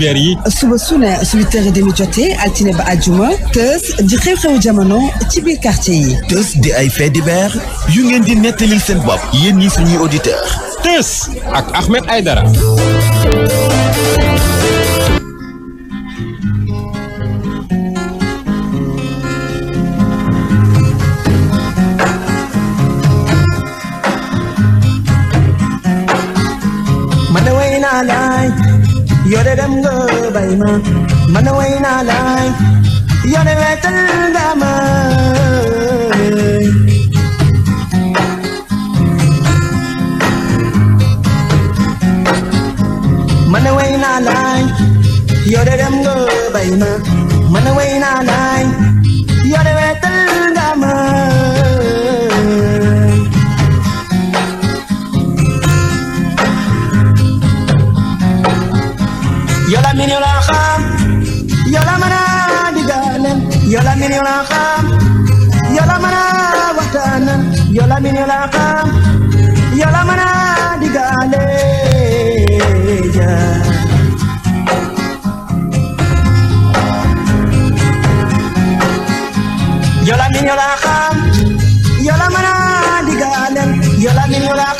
weer yi suba su ne suñu tere demi jotee altine ba àjjuma tës di xew-xewu jamono ci biir quartier yi tës di ay faits divers yu ngeen di nettalil seen bopp yéen ñi suñuy auditeur tës ak Ahmed Aidara yow de dem nga bay ma man de wey naa laay yow de wetal nga ma man de wey naa laay yow de dem nga bay ma man de wey naa laay yow de wetal a xam yow la mën a digaaleel yow la miin yow la xam yow la mën a waxtaanal yow la miin yow la xam yow la mën a digaaleel yow la miin yow la xam yow la mën a digaaleel yow la miin yow la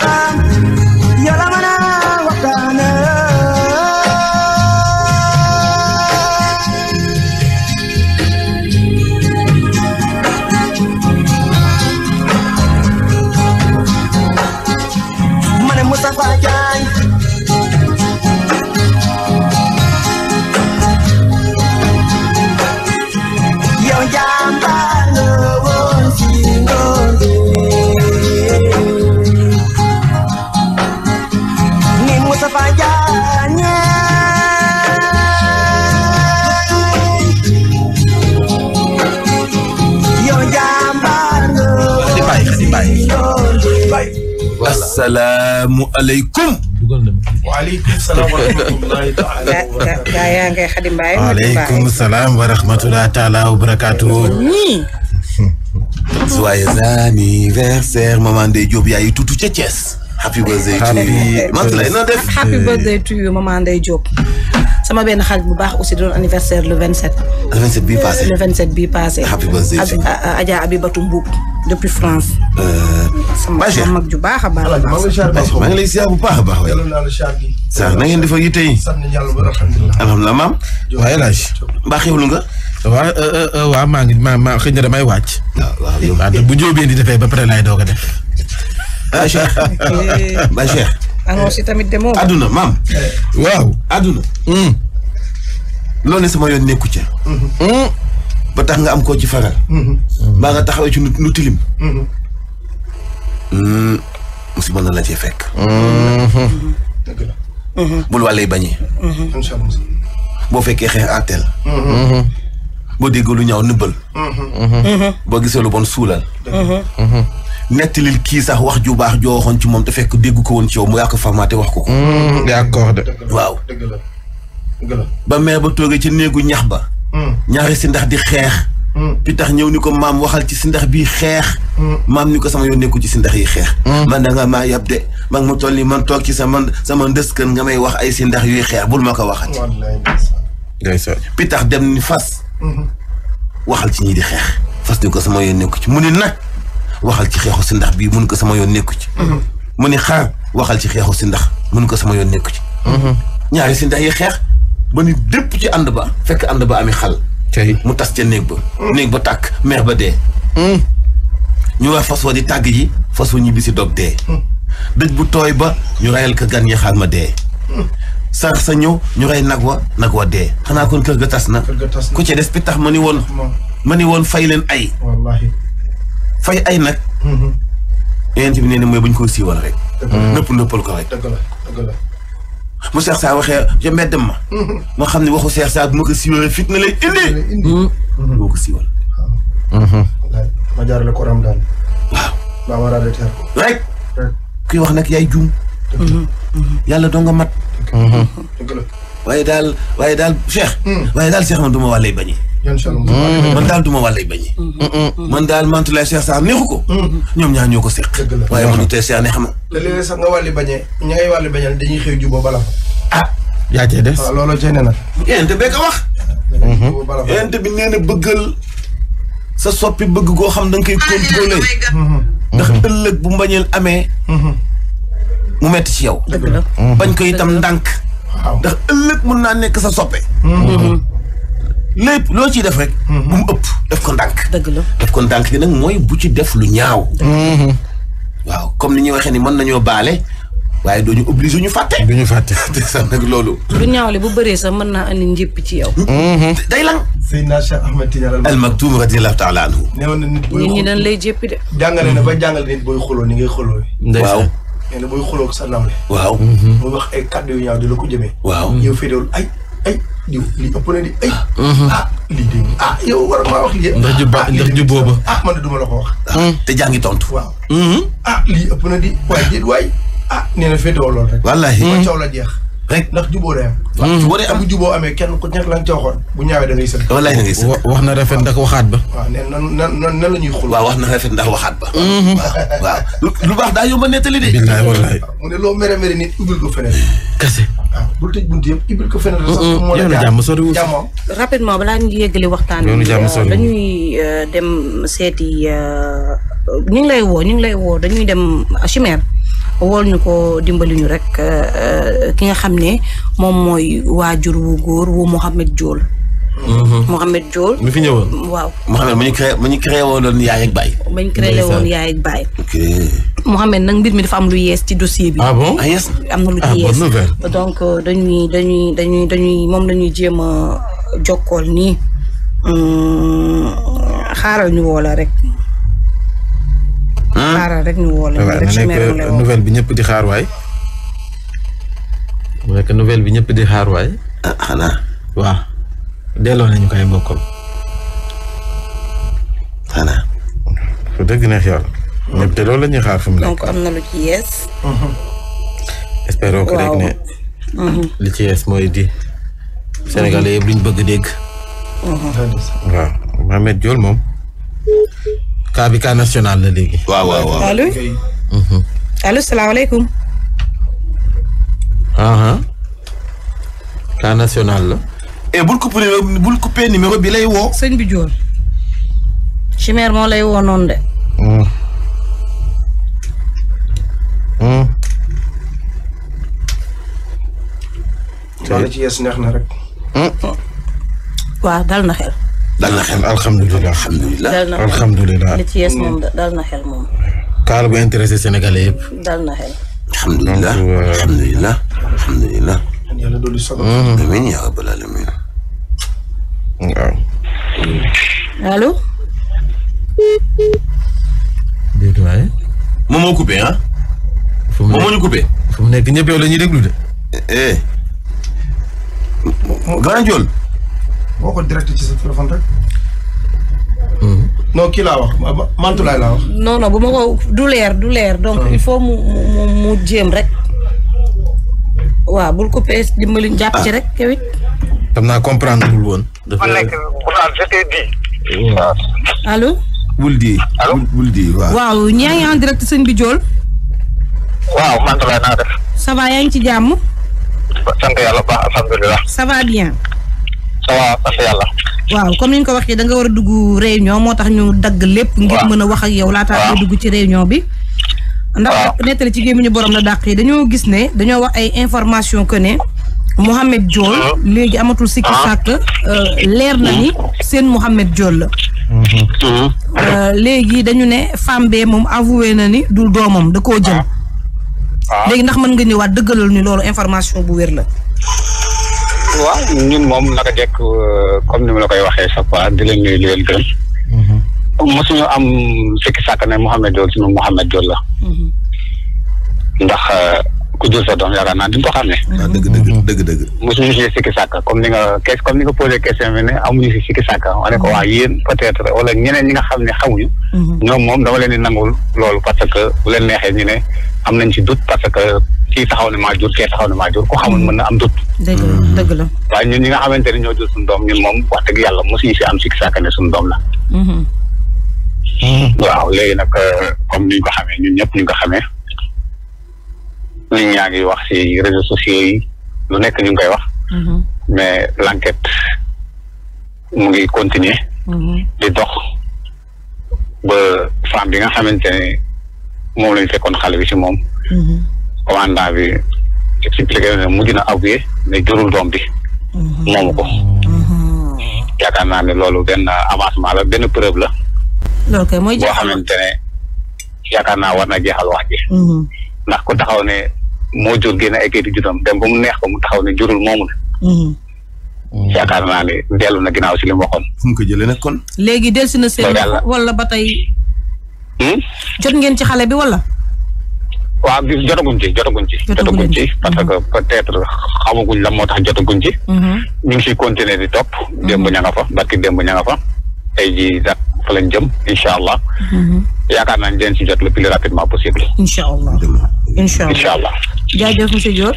voilà asalaamualeykum. waaleykum salaam wa rahmatulahi taala. gaa yaa ngay Xadi Mbaay. waaleykum salaam wa rahmatulahi taala wa barakaatu. joyeux anniversaire maman Ndeye Diop yaayu tuutu ca Thiès. happy birthday to you Mansoulaye na def. happy birthday to you maman Ndeye Diop. sama benn xarit bu baax aussi doon anniversaire le 27. le 27 bii passé le 27 bii passé. happy birthday to you Adja Abibatou Mbuub depuis France. Euh, sama sama mag ju baax a baax a baax. maa ngi lay ziar bu baax a baax. waaw na ngeen def ak yi tey. alhamdulilah maam. waaye laaj. mbaa xewlu nga. waa euh, euh, waaw maa ngi maa maa xëy na damay wàcc. Ah, waaw waaw bu jóobee di defee ba pare laay doog def. ba ah, Cheikh. ba Cheikh. annonce yi tamit demoo. adduna maam. waaw adduna. Hmm. loolu ne sama yoon nekku ca. Hmm. ba tax nga am ko ci faral. Mm-hmm. mbaa nga taxawee ci lu tilim. Mm-hmm. Hmm, musiba na la cee fekk. Mm-hmm. la. bul wàllee bañee. incha allah. boo fekkee xeex àtteel. boo déggee lu ñaw nëbbal. boo gisee lu bon suulal. nettalil kii sax wax ju baax joo waxoon ci moom te fekk déggu ko woon ci yow mu yàq formaté wax ko ko. d'accord de. waaw. dëgg la ba meer ba toogee ci néegu ñax ba. ñaari ndax di xeex. pitax ñëw ni ko maam waxal ci si ndax bii xeex. maam ni ko sama yoon nekku ci sindax yi xeex. man da nga maa yab de man mu toll nii man sama sama ndëskën nga may wax ay sindax yuy xeex bul ma ko waxati. wallaay pitax dem ni fas. waxal ci ñii di xeex. fas ni ko sama yoon nekku ci mu ni nag waxal ci xeexu sindax bii mun ko sama yoon nekku ci. mu ni xaar waxal ci xeexu sindax mun ko sama yoon nekku ci. ñaari sindax yi xeex. ba ni dépp ci ànd ba fekk ànd ba ami xal mu tas ca néeg ba mm. néeg ba tàkk meex ba dee mm. ñu wax fas wa di tàgg ji fas wa ñibbi si dog dee mm. dëj bu tooy ba ñu rayal ka gan ya ma dee sarax sa ñëw ñu rey nag wa nag wa dee xanaa kon kër ga tas na ku ci des bi tax ma ni woon ma ni woon fay leen ay fay ay nag mm-hmm. yeneen bi nee ne mooy bu ñu ko siiwal rek nëpp nëppal ko rek mu Cheikh Sarr waxee ja mbedd ma. ma xam ne waxu Cheikh Sarr bu ma ko siiwalee fitna lay indi. boo hmm. ko siiwal. Hmm. Hmm. ma jaarale koram daal. waaw. maa war a teer ko. rek. kuy wax nag yaay juum. yàlla doo nga mat. waaye daal waaye daal Cheikh. waaye daal Cheikh man du ma wàllay bañee. Mm-hmm. Mm-hmm. man daal du ma wàllay bañi mm-hmm. man daal Mantoulaye Cheikh Sarr neexu ko ñoom ñaar ñoo ko seq waaye mënu tee Cheikh neex ma léeg-léeg sax nga wàlli ña ngay wàlli bañal dañuy xëy juboo bala ah yaa cee des waaw looloo cee ne nag yente bee ko wax yente bi nee na sa soppi bëgg goo xam da nga koy contrôler ndax ëllëg bu mbañeel amee mu metti ci yow bañ ko itam ndànk ndax ëllëg mën naa nekk sa soppe lépp loo ciy def rek. Mm-hmm. bu ëpp def ko ndànk. dagg la def ko ndànk gi nag mooy bu ci def lu ñaaw. Mm-hmm. waaw comme ni ñuy waxee ni mën nañoo baale waaye doo ñu obligé ñu fàtte. du ñu fàtte te sax nag loolu. lu ñaawle bu bëree sax mën naa andi njëpp ci yow. Mm-hmm. day lan. Seydina Cheikh Ahmed Tidiane al Maktoum radiyallahu taala anhu. nee woon na nit booy nit lay jéppi de. jàngale na ba jàngale nit booy xuloo ni ngay xuloo. waaw. nee na booy xuloo ak sa nawle. waaw. muy wax ay kàddu yu ñaaw di la ko jëmee. waaw yow fii de diw ëpp na di ay. Uh-huh. ah lii de ah yow war maa wax ah, lii. ndax ju ba ndax ju booba. ah man de duma la ko wax. Ah, hmm? te jaa ngi tontu. waaw. ah hmm? lii ëpp na di waaye déet waay ah nee na féetewoo lool rek. Hmm? jeex. rek ndax jubóo day am. jubóo day bu jubóo amee kenn ku nekk la bu ñaawee da ngay sëkk. wallaay da ngay sëkk wax na rafet ndax waxaat ba. waaw nee nan nan nan la ñuy xul. waaw wax na rafet ndax waxaat ba. Mm-hmm. waaw lu baax daa yomb a nettali de. billaay wallaay. mu ne loo mere mere nit ubbil ko feneen. kese. waaw bul tëj bunt yëpp ubbil ko feneen. yow na jàmm soriwul jàmmoom. rapidement balaa ñu yëgale waxtaan bi. Euh, dañuy euh, seeti euh, ñu ngi lay woo ñu ngi lay woo dañuy dem chimère wool ñu ko dimbali ñu rek euh, euh, ki nga xam ne moom mooy waajur wu góor wu Mohamed Diol. Mm-hmm. Mohamed Diol. mi fi ñëwoon waaw. Mohamed ma ñu créé ma ñu créé woon yaay baay. ma woon yaay ak baay. ok. Mohamed nag mbir mi dafa am lu yees ci dossier bi. ah bon ah yes am na lu ah, yees donc euh, dañuy dañuy dañuy dañuy moom dañuy ñuy jéem a jokkool nii hmm, xaaral ñu woo rek. xaaral rek ñu woo leen nekk nouvelle bi ñëpp di xaar waay. mu nekk nouvelle bi ñëpp di xaar waay. ah xanaa. waaw delloo nañu ko ay mbokkam. xanaa. su dëgg neex yàlla. ñëpp te loolu la ñuy xaar fi nekk. donc am na lu ci yees. espérons que rek ne. Mhm. li yees mooy di. Sénégalais yëpp luñ bëgg dégg. Mhm. waaw Mohamed Diol moom. cas bi cas national la léegi. waaw waaw waaw allo. Mhm. allo salaamaaleykum. cas ah, ah. national la. et eh, bul coupé bul coupé numéro bi lay woo. sëñ bi joor. chimère moo lay woo noonu de. Mm. Mm. ci yees na rek. Mm. waaw dal na xel. dal na xel alhamdulilah alhamdulilah. Mm. dal na xel moom kaar bu intéressé Sénégalais yëpp. dal na xel. alhamdulilah alhamdulilah alhamdulilah. yàlla dolli sabab. moom moo coupé ah? nekk moom moo ñu déglu de. eh. eh. Grand Ndiol. woo ko direct ci sa téléphone rek. Mm-hmm. non kii laa wax Mantulaay laa wax. non non bu ma ko du leer du leer. donc mm. il faut mu mu jéem rek. waaw bul ko pees dimbali jàpp ci rek kawit. xam naa comprendre lul woon. dafa nekk di. allo. bul di bul di waaw. waaw en direct sëñ bi Jool. waaw Mantulaay naa def. ça yaa ngi ci jàmm. sant yàlla baax alhamdulilah. ça bien. waaw comme ni ko waxee da nga war a dugg réunion moo tax ñu dagg lépp. ngir mën a wax ak yow laataa ngay dugg ci réunion bi. ndax nettali ci gémmiñu borom la dàq yi dañoo gis ne dañoo wax ay information que ne Mouhamed Diol léegi amatul sikki ah. sàkk euh, leer na la. Mm-hmm. Euh, léegi dañu ne femme moom avoué na ni du doomam da koo jël. Ah. Ah. léegi ndax mën nga ñëwaat dëggalal ni loolu information bu wér la. wa ñun moom naka jekk euh, comme ni ma la koy waxee chaque fois di leen nuyu di leen gërëm. Mhm. mosuñu am sikki sàkk ne Mouhamed Diol suñu Mouhamed la. Mhm. ndax. Euh, ku jël sa doom yaakaar naa di nga ko xàmme. waaw ah, dëgg dëgg mm-hmm. dëgg dëgg. mosuñu si sikki sàkk comme ni nga comme ni nga posé question bi ne amuñu si sikki sàkk ne ko waa yéen peut wala ñeneen ñi nga xam ne xamuñu. Mm-hmm. ñoom moom dama leen di nangul loolu parce que bu leen neexee ñu ne am nañ ci doute parce que kii taxaw ne maa kee taxaw ne maa ku xamul mën na am doute. Mm-hmm. waaye ñun ñi nga xamante ne ñoo jur suñu doom ñun moom wax dëgg yàlla mosuñu si am sikki sàkk ne suñu doom nit ñaa ngi wax ci réseaux sociaux yi lu nekk ñu ngi koy wax. Mm-hmm. mais l'enquête mu ngi continuer. Mm-hmm. di dox ba femme bi nga xamante ne moom lañu fekkoon xale bi ci moom. Mm-hmm. commandant bi expliqué na ne mujj na avoué ne jurul naa ne loolu benn avancement la benn preuve la. loolu kay mooy jeexal boo xamante ne na jeexal wax ji. ndax ku taxaw ne moo jur génne ay kayitu jutam dem ba mu neex ko mu taxaw ne jurul moomu la. Mhm. Mm. yaakaar naa ne dellu na ginnaaw si li mu waxoon. fu mu ko jëlee nag kon. léegi delsi na seen. wala ba tey. Hmm? jot ngeen ci xale bi wala. waaw gis jotaguñ ci jotaguñ ci. jotaguñ parce que mhm. peut-être xamaguñ moo tax jotaguñ ci. Mhm. ñu ngi siy continuer di topp. démb ña nga fa barki démb ña nga fa. tey jii sax fa lañ jëm incha allah. yaakaar naa ne dinañ si jot le plus rapidement possible. incha allah. incha allah incha allah. jaajëf monsieur Diop.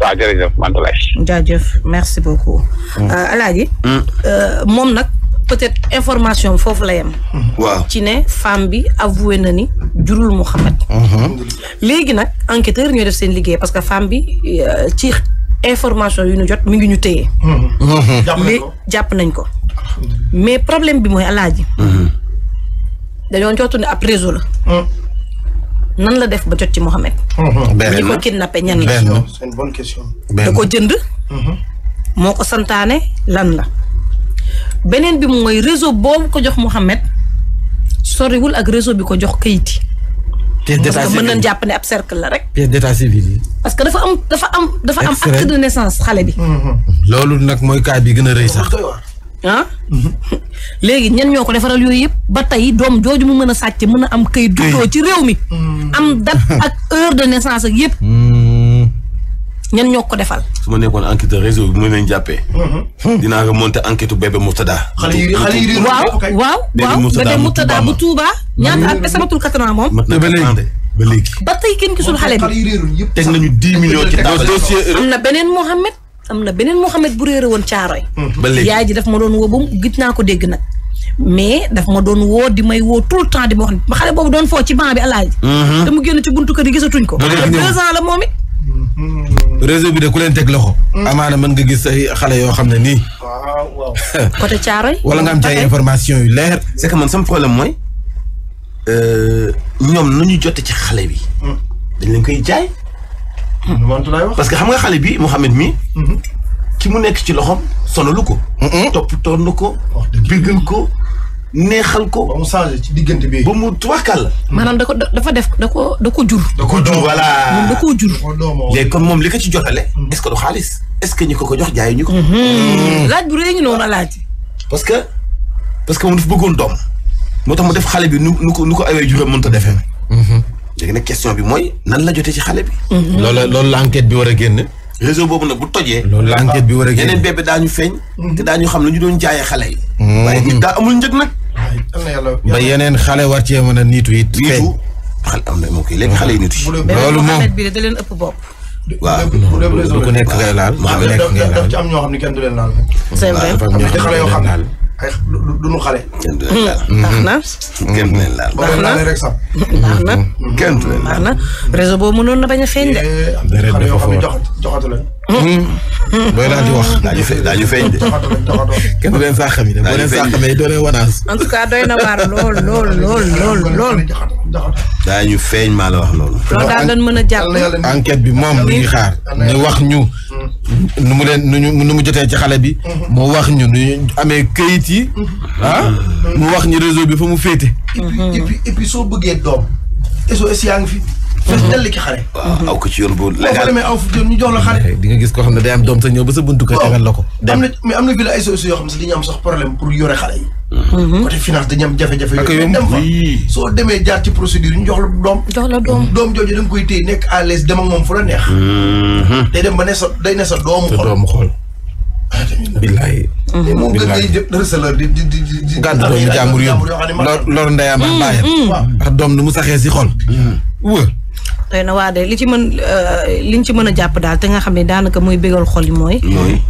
waaw jërëjëf Mantoulaye. jaajëf merci beaucoup. Mm. Euh, Alaaji. Mm. Euh, moom nag peut-être information foofu la yem. Mm. waaw ci ne femme bi avoué na ni jurul Mouhamed. Mm-hmm. léegi nag enquêteur ñooy def seen liggéey parce que femme bi euh, ci information yu ñu jot mi ngi ñu téye. Mm-hmm. jàpp nañ ko mm-hmm. mais problème bi mooy Alaaji. dañoo jot ne ab la. nan la def ba jot ci Mohamed. Mhm. ñi ko kidnappé ñan la. c'est une bonne question. da ko jënd. Mhm. moo ko santaane lan la. beneen bi mooy réseau boobu ko jox Mohamed soriwul ak réseau bi ko jox Keyti. pièce d'état civil mën nañu jàpp ne ab cercle la rek. pièce d'état civil. parce que dafa am dafa am dafa am acte de naissance xale bi. Mhm. loolu nag mooy cas bi gën a rëy sax. ah léegi ñen ñoo ko defaral yooyu yëpp ba tey doom jooju mu mën a sàcc mën a am kay duddoo ci réew mi hmm. am date ak heure de naissance ak yëpp hmm. ñen ñoo ko defal su ma nekkoon enquêteur réseau bi mu leen jàppee hmm. dinaa remonter enquête bébé Murtada waaw waaw waaw bébé Murtada bu Touba ñaata at sama tur quatre ans moom ba léegi ba tey kenn gisul xale bi teg nañu dix millions ci dossier am na beneen Mohamed am na beneen Mouhamed bu réere woon Caaroy. Hmm, ba léegi yaay ji daf ma doon woo ba gis naa ko dégg nag. mais daf ma doon woo di may woo tout le temps di ma wax xale boobu doon foo ci banc bi alaaji. Hmm. te mu génn ci buntu kër yi gisatuñ ko. deux ans la moom it. Hmm. réseau bi de ku leen teg loxo. amaana mën nga gis ay xale yoo xam ne nii. waaw côté Caaroy. wala nga information yu leer. c'est que man sama problème mooy euh, ñoom nu ñu jotee ci xale bi. dañ koy jaay. Hmm. parce que xam nga xale bi Mouhamed mi hmm. ki mu nekk ci loxoom sonalu ko. Hmm. toppatoo na ko. biggal ko neexal ko. ba mu changé ci diggante bi. ba mu tubaakal. maanaam da ko dafa def da ko da ko jur. da ko jur voilà moom da ko jur. léegi kon moom li ko ci jotale. est ce que du xaalis. est ce que ñi ko ko jox jaay ñu ko. laaj bu rëy ngi noonu laaj. parce que parce que moom dafa bëggoon doom. moo tax mu def xale bi nu nu ko nu ko awee juróom mënut a defee. léegi nag question bi mooy nan la jotee ci xale bi. loolu mm-hmm. loolu la bi war a génn. réseau boobu nag bu tojee. loolu la enquête bi war a génn yeneen bébé daañu feeñ. Mm-hmm. te daañu xam lu ñu doon jaayee xale yi. Mm-hmm. waaye nit daa amul njëg nag. ba yeneen xale war cee mën na moo koy léegi xale yi niitu yi. loolu moom bi da leen ëpp bopp. waaw du ku nekk ngay laal. waaw nekk ngay laal daf ci xam ne kenn xam ay du xale. kenn du leen na. kenn du la laal. baax na rek hmm. na. kenn du leen laal. baax na hmm. réseau mënoon na bañ a feeñ de. am na yoo xam ne joxatu booy daal di wax. daañu fe daañu feeñ de. kenn leen saa xam ne boo leen saa xamee doo leen wanaas. en tout cas doy na waar lool lool lool lool lool. daañu feeñ maa la wax loolu. loolu daal dañ mën a jàpp. enquête bi moom lu ñuy xaar. ñu wax ñu. nu mu leen nu mu jotee ci xale bi. Mm-hmm. mu wax ñu nu amee këyit yi. Mm-hmm. ah mm-hmm. mu wax ñu réseau bi fa mu féete. et puis et puis soo bëggee doom. eso yaa ngi fi. fes mhm. delli ki xare. waaw aw ko ci yoon bu légal eh, di nga gis koo xam ne day am doom sa ñëw ba sa buntu kër tegal la ko. am na mais am na sax problème yi. Mhm. côté finance am jafe-jafe. ak yooyu dem fa soo demee jaar ci procédure ñu jox la doom. jox la doom doom jooju da nga koy téye nekk à l'aise dem ak moom fu la neex. Mhm. day dem ba ne sa day ne sa doomu xol doomu xol. billaay. Mm-hmm. moom gën ay receleur di di di di. gàddu doomu jàmbur yëpp lor ndeyam ak baayam. ndax doom nu mu saxee si xol. Mm-hmm. wóor. tey na waa de li ci mën li euh, liñ ci mën a jàpp daal te nga xam ne daanaka muy bégal xol yi mooy.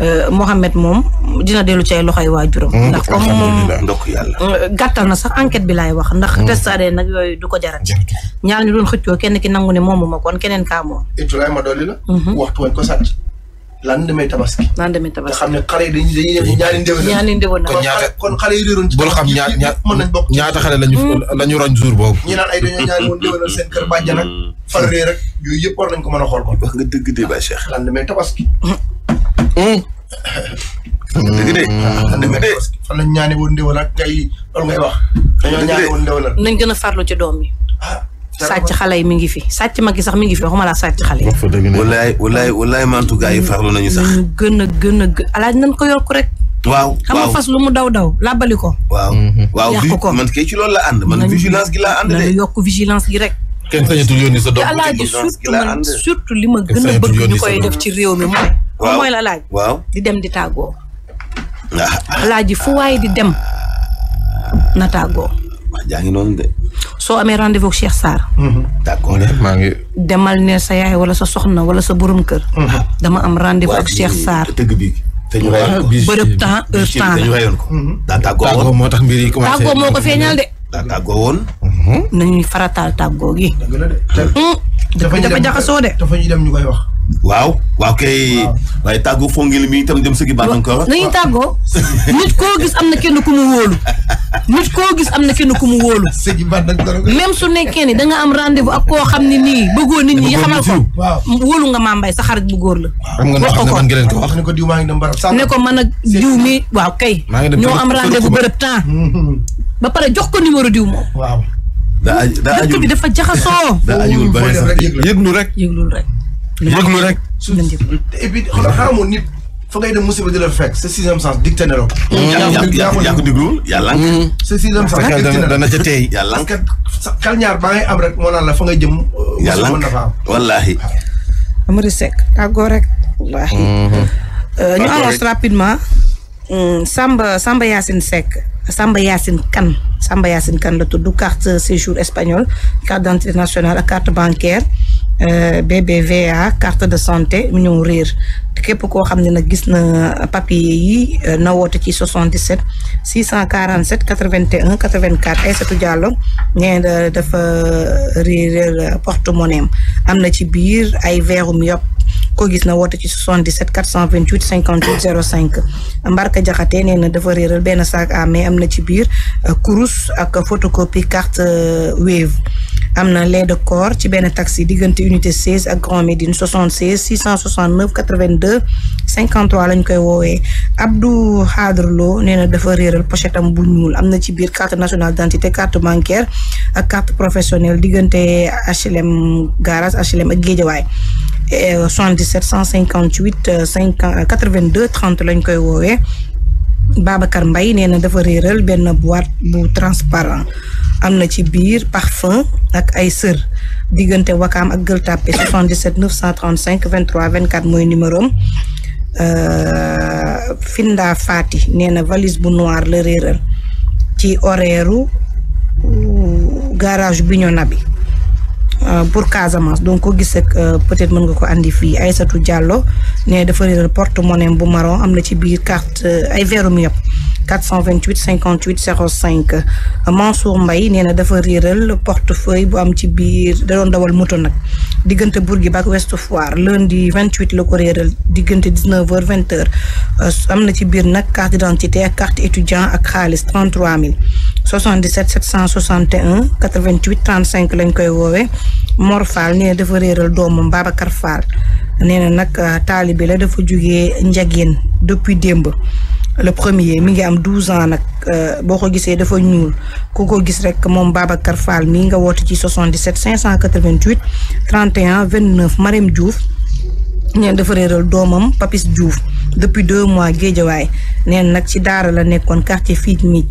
Euh, Mohamed moom dina dellu ci ay loxoy waajuram. Mm-hmm. ndax comme moom euh, gàttal na sax enquête bi laay wax. ndax test ADN nag yooyu du ko jarat. ñaar ñu doon xëccoo kenn ki nangu ne moomu ma kon keneen kaa moom. Ibrahima ko sàcc. lendemain tabaski. lendemain tabaski nga xam ne xale yi dañuy dañuy ñaari ndéwén. ñaari ndéwén kon ñaata kon xale yi réeroon. bul xam ñaar ñaata xale lañu. Hmm. lañu roñ jour boobu. ñi naan ay dañoo ñaari woon ndéwénal seen kër bàjjan ak. Hmm. rek yooyu yëpp war nañ ko mën a xool kon. wax nga dëgg de Baye Cheikh. lendemain tabaski. Hmm. dëgg de. Ah, lendemain tabaski fan lañ ñaani woon ndéwénal ak tey loolu ngay wax. dëgg de dañoo ñaari woon ndéwénal. nañ gën a farlu ci doom yi. Ah. sàcc xale yi mi ngi fi sàcc mag yi sax mi ngi fi waxuma laa sàcc xale yi. walaay walaay walaay mantu gaa yi farlu nañu sax. Mm, gën a gën a gën alaaj nañ ko yor ko rek. waaw xam nga fas lu mu daw daw làbbali ko. waaw mhm. waaw ko man kay ci loolu la ànd man vigilance gi laa ànd de. yokk vigilance gi rek. kenn sañatul yónni sa doom te alaaji surtout surtout li ma gën a bëgg ñu koy def ci réew mi mooy. waaw mooy la laaj. waaw di dem di tàggoo. Ah, ah. alaaji fu waaye di dem na tàggoo. waa jaa ngi noonu de. soo amee rendez-vous ak Cheikh mm-hmm. maa ngi. demal ne sa yaay wala sa soxna wala sa borom kër. Mm-hmm. dama am rendez-vous ak Cheikh Sarr. te ñu rayoon ko bërëb temps heure temps la. Mm-hmm. daa tàggoo woon tàggoo moo tax mbir yi ko feeñal de. daa tàggoo woon. nañuy farataal tàggoo gi. dëgg la de. dafa jaxasoo de. dafa ñu ñu koy wax. waaw waaw kay. waaye tàggoo fongil mi itam dem sëgi baat encore. nañu tàggoo nit koo gis am na kenn ku mu wóolu nit koo gis am na kenn ku mu wóolu. sëgi baat encore. même su nekkee ni da nga am rendez-vous ak koo xam ne nii bëggoo nit ñi xamal ko. wóolu nga maa sa xarit bu góor la. wax ko ko ne ko diw maa ngi dem barab ne ko man a diw mi waaw kay. ñoo am rendez-vous bërëb temps. ba pare jox ko numéro diw moom. waaw. daa daa dëkk bi dafa jaxasoo. daa ajuul bëri sax yëglu rek yëglul rek. lu rek et puis xamoo nit fa ngay dem musiba di yàlla ngi. sa sixième sens dicté na la dana ca tey yàlla ngi. kal ñaar baa ngay am rek moo naan la jëm. yàlla ngi wallaahi. Amady Seck rek. wallaahi. Mm-hmm. Euh, ñu avance rapidement. Mm, Samba Samba Yacine Samba Yacine Kane Samba Yacine Kane la tudd carte séjour espagnol carte d'identité nationale carte bancaire. Euh, BBVA carte de santé mu ñëw réer képp koo xam ne na gis na papier yi euh, na woote ci 77 647 81 84 Aïssatou Diallo nee na dafa euh, réer porte-monnaie am na ci biir ay verre mu yóbbu ko gis na woote ci 77 428 58 05 Mbarka Jaxate nee na dafa réeral benn saak à main am na ci biir kurus ak photocopie carte Wave am na lait de corps ci benn taxi diggante unité 16 ak Grand Médine 76 669 82 53 lañ koy woowee Abdou Khadr Lo nee na dafa réeral pochette am bu ñuul am na ci biir carte national d'identité carte bancaire ak carte professionnelle diggante HLM garage HLM ak Guédiawaye 77 158 5 82 30 lañ koy woowee Babacar mbay nee na dafa réeral benn boîte bu transparent am na ci biir parfum ak ay sër diggante Wakaam ak Gueule Tapée 77 935 23 24 mooy numéro mooy euh, Finda Fati nee na valise bu noir la réeral ci horaire garage bi ñu nabi Euh, pour Casamance donc ko gis ak euh, peut-être mën nga ko andi fii Aïssatou Diallo ne dafa réeral porte-monnaie bu marron am na ci biir carte euh, ay verre mu yëpp 428 58 05 Mansour mbay nee na dafa réeral portefeuille bu am ci biir da doon dawal moto nag diggante Bourguiba ak Ouest Foire lundi 28 la ko réeral diggante 19h vingt h am na ci biir nag carte d'identité ak carte étudiant ak xaalis mille 77 761 88 35 lañ koy woowee Mor Fall nee dafa réeral doomam Babacar Fall nee na nag euh, taalibe la dafa jugee Ndiagéen depuis démb le premier mi ngi am 12 ans nag euh, boo ko gisee dafa ñuul ku ko gis rek moom Babacar Fall mii nga woote ci 77 588 31 29 Marème Diouf. neen dafa réeral doomam Papis Diouf depuis deux mois géejawaay neen nag ci daara la nekkoon quartier fii mi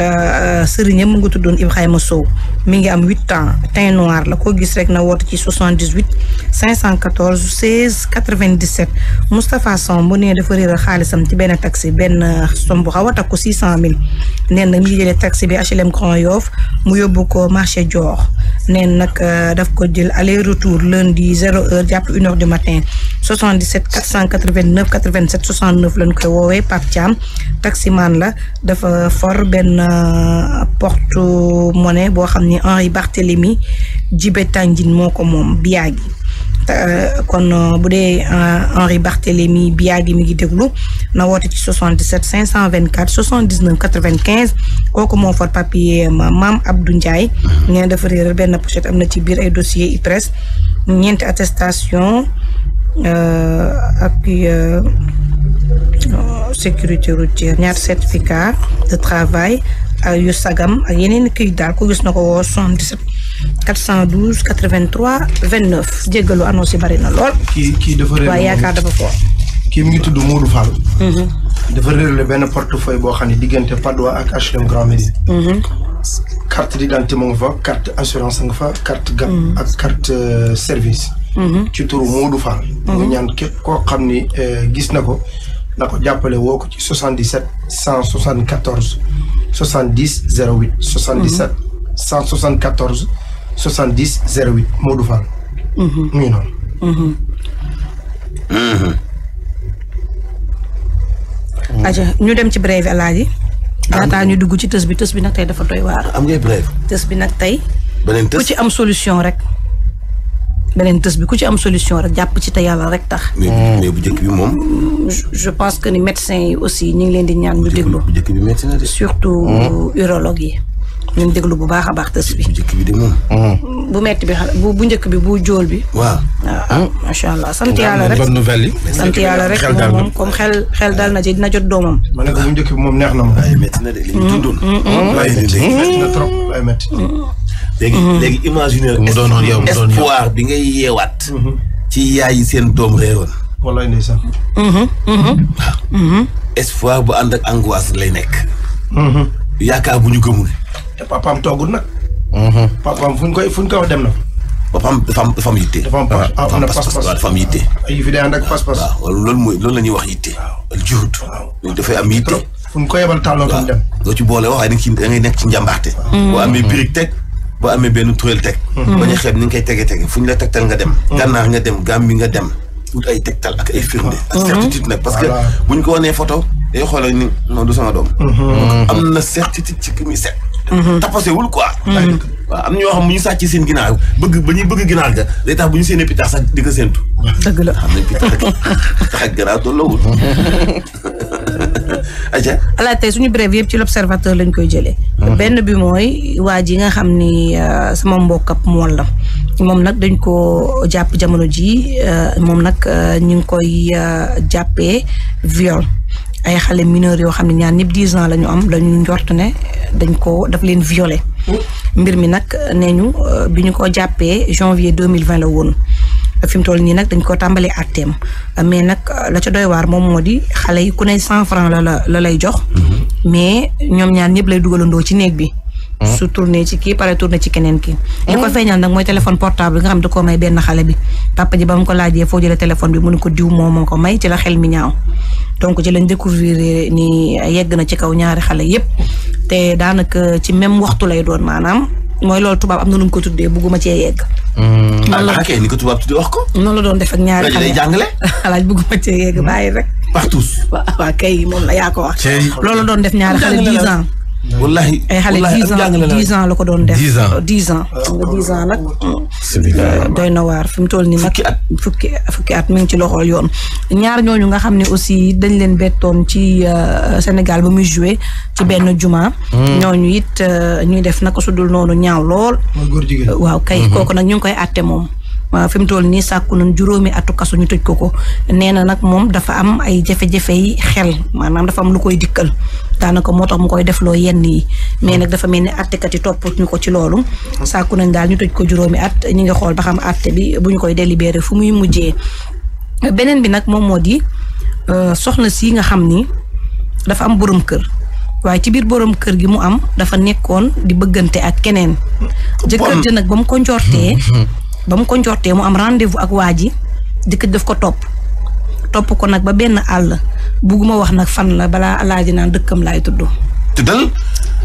Euh, euh, sëriñam mu ngi tuddoon Ibrahima Sow mi ngi am huit ans teint noir la ko gis rek na woote ci soixante dix huit cinq cent quatorze seize quatre vingt dix sept Moustapha Samb nee dafa réer xaalisam ci benn taxi benn euh, somme bu xaw a takku six cent mille neen na mi ngi jëlee taxi bi HLM Grand Yoff mu yóbbu ko marché Dior nee nag daf ko jël aller retour lundi zéro heure jàpp une heure du matin. 77 489 87 69 lañ koy woowee Pape Thiam taximan la dafa for benn euh, porte monnaie boo xam ni Henri Barthélemy Djibé Tandjine moo ko moom Biagi euh, kon euh, bu dee Henri Barthélemy Biagi mi ngi déglu na woote ci 77 524 79 95 kooku moo for maam Abdou Ndiaye uh-huh. nee dafa réeral benn pochette am na ci biir ay dossier IPRES ñeenti attestation Euh, appui euh, sécurité routière ñaar certificat de travail yu sagam ak yeneen kii daal ko gis na ko woo 77 412 83 29 jéggalu annonce yi bari na lool. kii kii dafa réer waaye yaakaar dafa fort. kii mu ngi tudd Modou Fall. Mm-hmm. dafa réerle benn portefeuille boo xam ne diggante Padois ak HLM Grand Médine. Mm-hmm. carte d'identité mu ngi fa carte assurance nga fa carte. gam mm-hmm. ak carte euh, service. Mm-hmm. ci turu Modou Fall. mu mm-hmm. ñaan képp koo xam ni eh, gis na ko na ko jàppale woo ko ci 77 174 70 08. 77 174 70 08 Modou Fall. Mm-hmm. mu ngi noonu. aja ñu dem ci brève alaaji. laataa ñu dugg ci tës bi tës bi nag tey dafa doy waar. am ngay brève. tës bi nag tey. beneen tës ku ci am solution rek. ne leen tës bi ku ci am solution rek jàpp ci te yàlla rek tax. mais bu mm. njëkk bi moom. Mm, je pense que ni médecins yi aussi ñu ngi leen di ñaan ñu déglu. bu njëkk bi na de. surtout mm. urologue yi. ñu déglu bu baax a baax tës bi. bu njëkk bi de moom. bu metti bi bu bu njëkk bi bu jóol bi. waaw waaw ah, macha allah sant yàlla rek. sant yàlla rek moom moom comme xel xel dal na ci dina jot doomam. ma ne moom neex na ma. waaye na de li ñu dundoon. waaye métti na trop waaye métti. léegi mhm. léegi imaginer espoir bi ngay yeewaat mhm. ci yaayi seen doom réeroon wallaay ndeysaan waaw mhm, espoir bu ànd ak angoisse lay nekk yaakaar bu ñu gëmul te papaam toogul nag papaam fu ñu koy fu ñu koy wax dem na dafa am dafa am dafa am yitte. dafa am pas am na pas-pas dafa am yitte. ay fi day ànd ak pas-pas. waaw loolu mooy loolu la ñuy wax yitte. waaw juhud. waaw dafay am yitte. fu ñu ko yebal tàlloo fa mu dem. loo ci boole wax waaye da nga ciy da ngay nekk ci njàmbaarte. Mm. boo amee birig teg. boo amee benn turéel teg mhm. bañ a xeeb ni nga koy tege tege fu ñu la tegtal nga dem mhm. gànnaar nga dem Gàmbi nga dem ut ay tegtal ak ay firnde ak mhm. certitude nag parce que bu ko wanee photo day xoolal ni non du sama doom am na certitude ci ki muy set tapasewul quoi waaw am ñoo xam mu ñu sàcc seen ginaar bëgg ba ñu bëgg ginaar ga day tax bu ñu seen pitax sax di ko séentu. dëgg la xam ne pitax pitax ak ginaar tolloowul. atia. ala tey suñu brève yëpp ci l'observateur lañ koy jëlee. Mhm. benn bi mooy waa ji nga xam ni euh, sama mbokk ab mool moom nag dañ koo jàpp jamono ji euh, moom nag euh, ñu ngi koy jàppee viol. ay xale mineurs yoo xam ne ñaar ñëpp dix ans lañu am lañu njort ne dañ ko daf leen violé mbir mi nag nee ñu euh, bi ñu ko jàppee janvier deux mille vingt la woon fi mu toll nii nag dañ ko tàmbali àtteem mais nag euh, la ca doy waar moom moo di xale yi ku ne cent franc la la la lay jox mm-hmm. mais ñoom ñaan ñëpp lay dugalandoo ci néeg bi Hmm? su tourné ci kii pare tourné ci keneen kii. li ko feeñal nag mooy téléphone portable nga xam da koo may benn xale bi papa ji laajee foo jëlee téléphone bi mënu ko diw moo moo ko may ci la xel mi ñaaw donc ci lañ découvrir ni yegg na ci kaw ñaari xale yépp te daanaka ci même waxtu lay doon maanaam mooy loolu tubaab am na nu mu ko tuddee bugguma cee yegg. Hmm. noonu la ah, kay ni ko tubaab tuddee wax ko. noonu la doon def ak ñaari xale lay jàngale. alaaj bugguma cee yegg hmm. bàyyi rek. partout. waaw kay moom la yaa ko wax. loolu la doon def ñaari xale dix ans. wallahi ay xale dix ans la ko doon def dix ans nga ah, dix ans nag doy na waar fi mu toll nii nag fukki fukki at mi ci loxol yoon ñaar ñooñu nga xam ne aussi dañ leen bettoon ci euh, Sénégal ba muy joué ci benn jumaa hmm. ñooñu it euh, ñuy def naka sudul noonu ñaaw lool waaw kay hmm. kooku nag ñu ngi koy atte moom fi mu toll nii sàkku nañ juróomi atu kaso ñu tëj ko ko nee na nag moom dafa am ay jafe-jafe xel maanaam dafa am lu koy dikkal daanaka moo tax mu koy def yenn yi mais nag dafa mel ni attekat yi topp ñu ko ci loolu sàkku nañ daal ñu tëj ko juróomi at ñi nga xool ba xam atte bi bu ñu koy délibéré fu muy mujjee beneen bi nag moom moo di euh, soxna si nga xam ni dafa am borom kër waaye ci biir borom kër gi mu am dafa nekkoon di bëggante ak keneen jëkkër jën nag ba mu ko njortee ba mu ko njortee mu am rendez-vous ak waa ji dikk daf ko topp topp ko nag ba benn àll bugguma wax nag fan la balaa alaaji naan dëkkam laay tudd tëddal.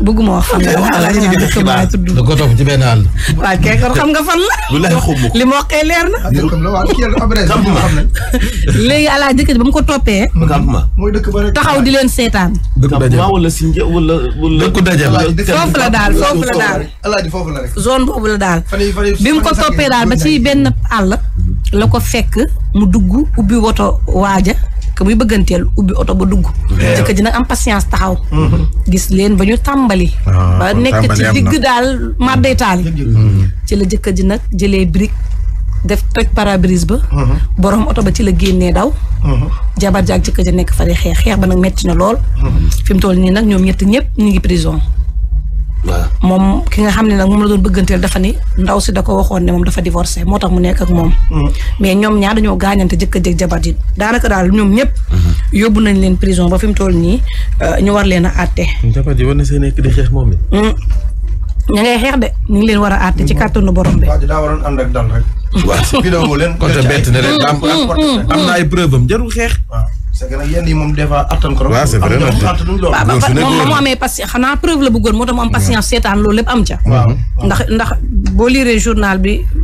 bëgguma wax fan la wax la ñu xibaar da ko topp ci benn àll. waaw kay kon xam nga fan la. lu lay xumb li ma wax kay leer na. Ah, léegi alaa dëkk ba mu ko toppee. Mm-hmm. taxaw di leen seetaan. wala si wala wala. dëkku daje la foofu la daal foofu la daal. alaaji foofu la rek. zone boobu la daal. bi mu ko toppee daal ba ci benn àll. la ko fekk mu dugg ubbi woto waaja. que muy bëgganteel ubbi oto ba dugg jëkkër ji nag am patience taxaw mm-hmm. gis leen ba ñu tàmbali ah, ba nekk ci digg daal màdday taali mm-hmm. ci la jëkkër ji nag jëlee brique def toj parabrise ba mm-hmm. boroom oto ba ci la génnee daw jabar jaag jëkkër ji nekk fa di xeex xeex ba nag metti na lool fi mu toll nii nag ñoom ñett ñëpp ñu ngi prison moom ki nga xam ne nag moom la doon bëgganteel dafa ni ndaw si da ko waxoon ne moom dafa divorcé moo tax mu nekk ak moom. Mm. mais ñoom ñaar dañoo gaañante jëkkër jëkk jabar ji daanaka daal ñoom ñëpp. Mm-hmm. yóbbu nañ leen prison ba fi mu toll nii euh, ñu war leen a àtte. jabar ji war na see nekk di xeex moom mm. ña de ñu ngi leen war a àtte ci kàttanu borom bi. daa waroon a ak dal rek. waaw si bidon leen. kon bett na mm, leen. preuve am jarul xeex. c'est que nag yenn yi moom des fois attan ko. waaw c'est vrai preuve la bëggoon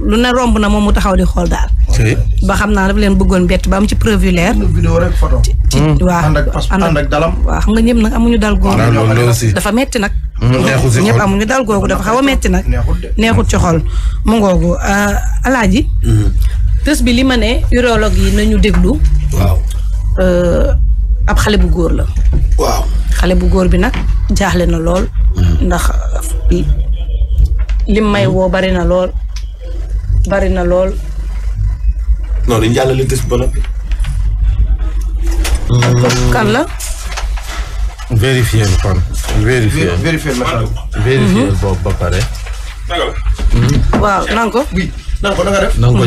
lu ne romb na moom mu taxaw di xool daal. ba xam naa daf leen bëggoon bett ba am ci preuve yu leer. vidéo rek xam nga ñëpp nag amuñu dal googu. dafa metti nag. Hmm, neexut si ñëpp amuñu dal googu dafa a metti nag. neexut ci xol mu ngoogu euh, alaaji. tës hmm. bi li ma ne urologue yi nañu déglu. waaw Euh, ab xale bu góor la. waaw xale bu góor bi nag jaaxle na lool. Mm-hmm. ndax lim may woo bari na lool bari na lool. non dañu jàllale gis ba noppi. kan la. vérifier kon. vérifier vérifier mm-hmm. boobu ba pare. waaw nangu Mhm. na nga ko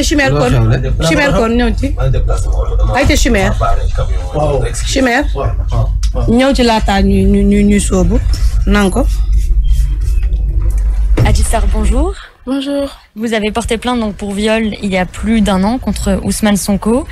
ci. ayca chimère. ko. Adji bonjour. Bonjour. Vous avez porté plainte donc pour viol il y a plus d'un an contre Ousmane Sonko.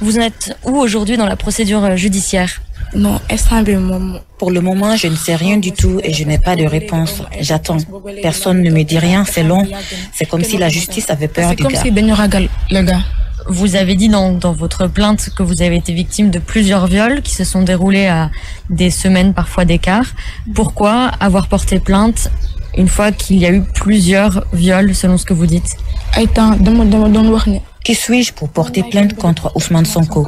Vous en êtes où aujourd'hui dans la procédure euh, judiciaire? Non, instant moom. Pour le moment, je ne sais rien du tout et je n'ai pas de réponse. J'attends. Personne ne me dit rien, c'est long. C'est comme si la justice avait peur du gars. C'est comme si dañu ragal le gars. Vous avez dit dans, dans votre plainte que vous avez été victime de plusieurs viols qui se sont déroulés à des semaines parfois d'écart. Pourquoi avoir porté plainte une fois qu'il y a eu plusieurs viols selon ce que vous dites? Qui suis-je pour porter plainte contre Ousmane Sonko?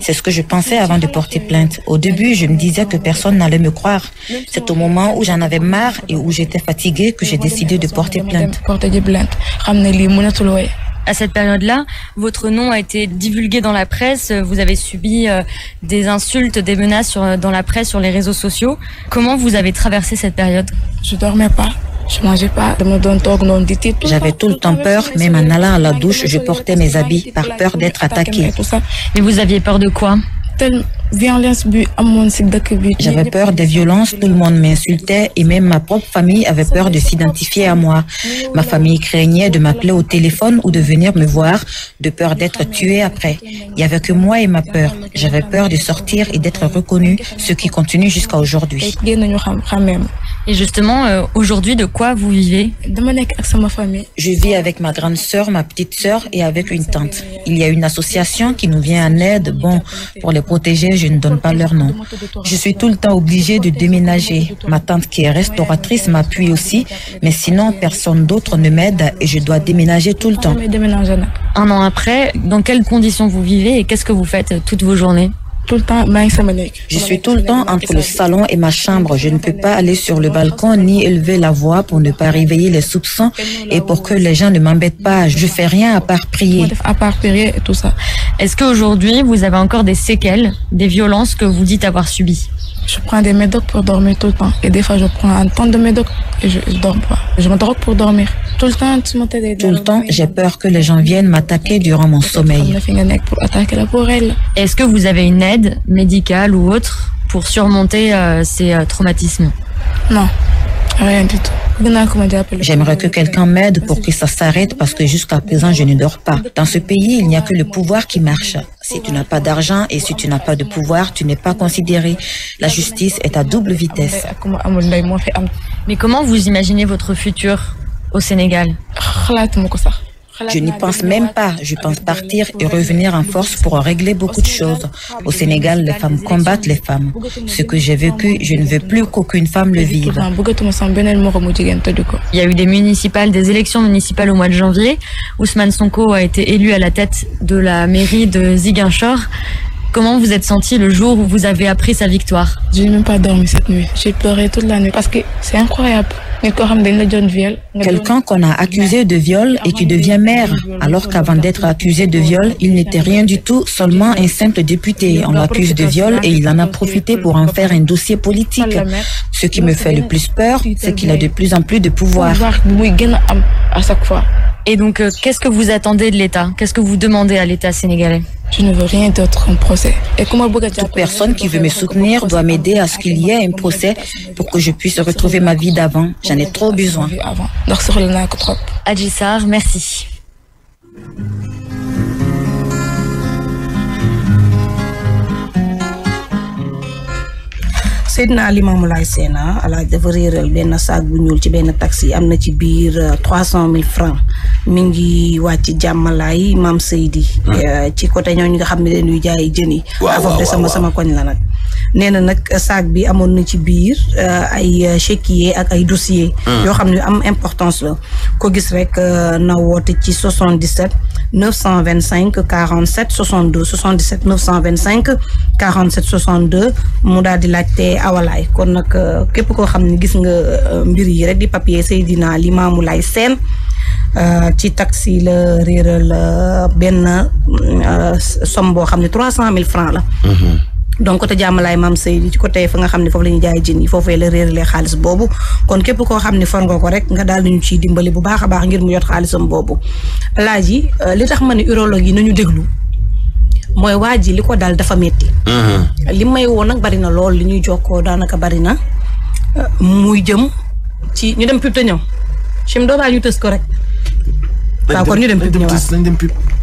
C'est ce que je pensais avant de porter plainte. Au début, je me disais que personne n'allait me croire. C'est au moment où j'en avais marre et où j'étais fatiguée que j'ai décidé de porter plainte. À cette période-là, votre nom a été divulgué dans la presse. Vous avez subi euh, des insultes, des menaces sur, euh, dans la presse, sur les réseaux sociaux. Comment vous avez traversé cette période Je dormais pas. Je mangeais pas, je me donne dit titre. J'avais tout le temps peur, même en allant à la douche, je portais mes habits par peur d'être attaquée. Mais vous aviez peur de quoi violence bu amoon ci dëkk bi. J'avais peur des violences, tout le monde m'insultait et même ma propre famille avait peur de s'identifier à moi. Ma famille craignait de m'appeler au téléphone ou de venir me voir, de peur d'être tuée après. Il n'y avait que moi et ma peur. J'avais peur de sortir et d'être reconnue, ce qui continue jusqu'à aujourd'hui. Euh, Je vis avec ma grande sœur, ma petite sœur et avec une tante. Il y a une association qui nous vient en aide, bon, pour les protéger. je ne donne pas leur nom. Je suis tout le temps obligée de déménager. Ma tante qui est restauratrice m'appuie aussi, mais sinon personne d'autre ne m'aide et je dois déménager tout le temps. Un an après, dans quelles conditions vous vivez et qu'est-ce que vous faites toutes vos journées tout le temps maa je suis tout le temps entre le salon et ma chambre je ne peux pas aller sur le balcon ni élever la voix pour ne pas réveiller les soupçons et pour que les gens ne m'embêtent pas je fais rien à part prier. est-ce qu'aujourd'hui vous avez encore des séquelles des violences que vous dites avoir subies. je prends des médocs pour dormir tout le temps et des fois j'ai peur que les gens viennent m'attaquer durant mon sommeil. est-ce que vous avez une aide aide médicale ou autre pour surmonter euh, ces euh, traumatismes Non, rien du tout. J'aimerais que quelqu'un m'aide pour que ça s'arrête parce que jusqu'à présent, je ne dors pas. Dans ce pays, il n'y a que le pouvoir qui marche. Si tu n'as pas d'argent et si tu n'as pas de pouvoir, tu n'es pas considéré. La justice est à double vitesse. Mais comment vous imaginez votre futur au Sénégal Je n'y pense même pas. Je pense partir et revenir en force pour régler beaucoup de choses. Au Sénégal, les femmes combattent les femmes. Ce que j'ai vécu, je ne veux plus qu'aucune femme le vive. Il y a eu des municipales, des élections municipales au mois de janvier. Ousmane Sonko a été élu à la tête de la mairie de Ziguinchor. Comment vous êtes senti le jour où vous avez appris sa victoire parce que c'est incroyable. Quelqu'un qu'on a accusé de viol et qui devient maire, alors qu'avant d'être accusé de viol, il n'était rien du tout, seulement un simple député. On l'accuse de viol et il en a profité pour en faire un dossier politique. Ce qui me fait le plus peur, c'est qu'il a de plus en plus de pouvoir. Et donc, euh, qu'est-ce que vous attendez de l'État Qu'est-ce que vous demandez à l'État sénégalais je ne veux rien d'autre qu'un procès. Toute personne qui veut me soutenir doit m'aider à ce qu'il y ait un procès pour que je puisse retrouver ma vie d'avant. J'en ai trop besoin. Adjissar, merci. Seydina Limamou Laye Sena ah, alaaj dafa réeral benn saag bu ñuul ci benn yi am na ci biir euh, trois cent mille francs mi ngi wàcc jàmmalaay maam Seydi ah. euh, ci côté ñooñu nga xam ne dañuy jaay jën yi foofu sama sama koñ la nag nee na nag euh, saag bi amoon na ci biir ay chéquier ak ay dossier ah. yoo xam ne am importance la ko gis rek na woote ci soixante-dix-sept 925 47 62 77 925 47 62 mu daal di laajte awalaay kon nag euh, képp koo xam ne gis nga euh, mbir yi rek di papier Seydina Limamou Laye Sène euh, ci taxi la réeral benn somme boo xam ne 300 mille francs la. Mm-hmm. donc te jàmmalaay maam Seydi ci côté fa nga xam ne foofu la ñuy jaay jin yi foofee la réerale xaalis boobu kon képp koo xam ni for nga ko rek nga daal di ñu ciy dimbali bu baax a baax ngir mu jot xaalisam boobu. laaj euh, li tax ma ne urologue yi nañu déglu mooy waa ji li ko daal dafa metti mm-hmm. li may woo nag bari na lool li ñuy jokkoo daanaka bari na euh, muy jëm ci ñu dem pub te ñëw chim doobaa ñu tës ko rek. waaw kon ñu dem pub ñëwaat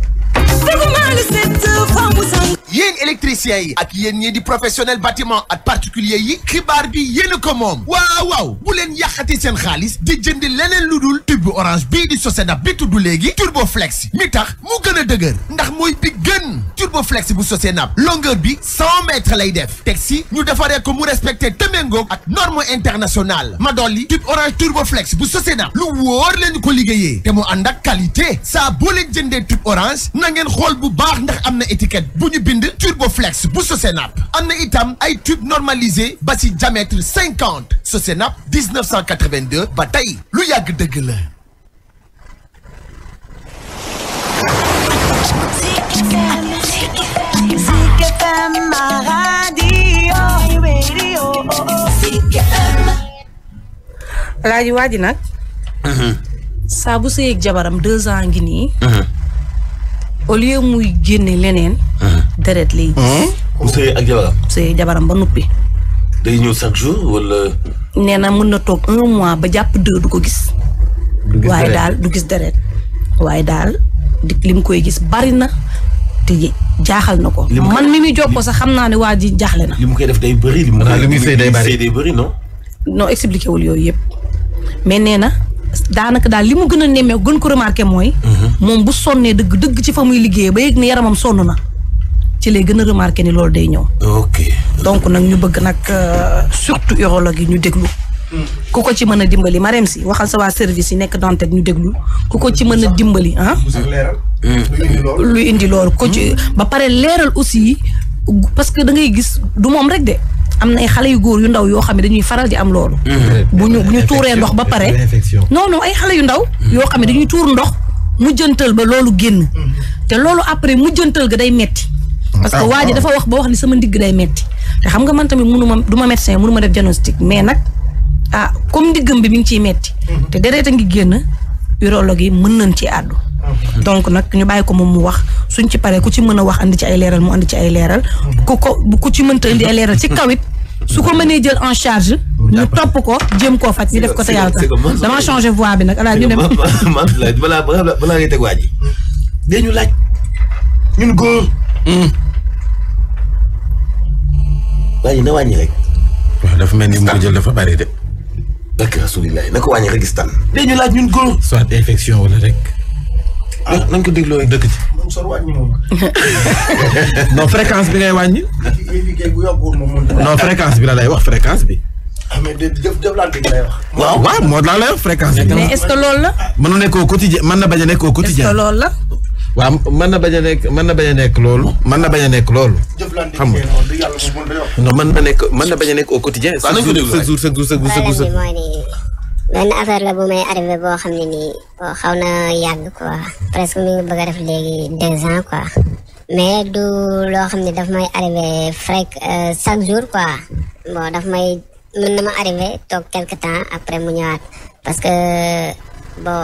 yéen électricien yi ak yéen ñii di professionnel bâtiment ak particulier yi xibaar bi yéen a ko moom waaw waaw bu leen yàqati seen xaalis di jënd leneen lu dul tube orange bii di Sosena bi tudd léegi turboflex mi tax mu gën a dëgër ndax mooy bi gën turboflex bu Sosena longueur bi 100 mètres lay def teg si ñu defaree ko mu respecté temengoog ak norme internationale ma dolli tube orange turboflex bu Sosena lu wóor leen ko liggéeyee te mu ànd ak qualité saa orange na baax ndax am na étiquette bu ñu bind turboflex bu Sosenap am na itam ay tube normalisé ba ci diamètre cinquante Sosenap 1982 ba tey lu yàgg dëgg la. Alaaji Waaji nag. Mhm. saa bu sëyeeg jabaram deux ans ngi nii. Mhm. au lieu muy génne leneen. deret lay gis. mu sëy ak jabaram. sëy jabaram ba noppi. day ñëw chaque jours walla nee na mën na toog un mois ba jàpp deux du ko gis. du waaye daal du gis deret waaye daal di mu koy gis bari na te jaaxal na ko. man mi muy ko sax xam naa ne waa ji jaaxle na. li mu koy def day bëri ah, li mu koy. li muy sëy day bëri non expliqué wul yooyu yëpp mais nee na. daanaka daal li mu gën a nemmee gën ko remarqué mooy. moom bu sonnee dëgg dëgg ci fa muy liggéeyee ba yëg ni yaramam sonn na. ci lay gën a remarqué ni loolu day ñëw. ok donc nag ñu bëgg nag euh, surtout urologue yi ñu déglu. ku ko ci mën a dimbali Marème si waxal sa waa service yi nekk Dantec ñu déglu ku ko ci mën a dimbali ah. Mm. lu indi loolu ko ci mm. ba pare leeral aussi parce que da ngay gis du moom rek de. am na ay xale yu góor yu ndaw yoo xam ne dañuy faral di am loolu. Mmh. bu ñu bu tuuree ndox ba pare. non non ay xale yu ndaw. Mmh. yoo xam ne dañuy tuur ndox mujjantal ba loolu génn. Mmh. te loolu après mujjantal ga day metti parce que ah, waa ji dafa wax ba wax ni sama ndigg day metti te xam nga man tamit munu ma du ma médecin munu ma def diagnostic mais nag ah comme ndiggam bi mi ngi ciy metti te deret a ngi génn urologue yi mën nañ ci àddu. donc nag ñu bàyyi ko moom mu wax suñ ci paree ku ci mën a wax andi ci ay leeral mu andi ci ay leeral. ku ko ku ci mënta indi leeral ci kawit su ko mënee jël en charge. ñu topp ko jëm koo faj ñu def ko te yàlla tax dama changé voix bi nag ala ñu dem. Mansoulaye balaa balaa ngay teg waa ji. dee ñu laaj ñun góor. Hmm. waa ji na wàññi rek. waaw dafa mel ni mu jël dafa bari de. barke Rasulillah na ko wàññi rek gis tànn. dee ñu laaj ñun góor. soit infection wala rek. ah nañ ko dégloo rek dëkk ci. sor wàññi moom. non fréquence bi ngay wàññi. non fréquence bi la lay wax fréquence bi. Ah, mais de jëf jëflante bi wax. waaw waaw moo la lay wax fréquence bi. mais est-ce que loolu la. mën na nekk au quotidien mën na bañ a nekk au quotidien. est-ce loolu la. waaw mën na bañ a nekk mën na bañ a nekk loolu. mën na bañ nekk loolu. xam nga non mën na nekk mën na bañ a nekk au quotidien. chaque jour chaque jour chaque jour chaque jour benn affaire la bu may arrivé boo xam ne nii xam na yàgg quoi presque mi ngi bëgg a def léegi deux ans quoi mais du loo xam ne daf may arrivé fréq euh, chaque jour quoi bon daf may mën na ma arrivé toog quelque temps après mu ñëwaat parce que bon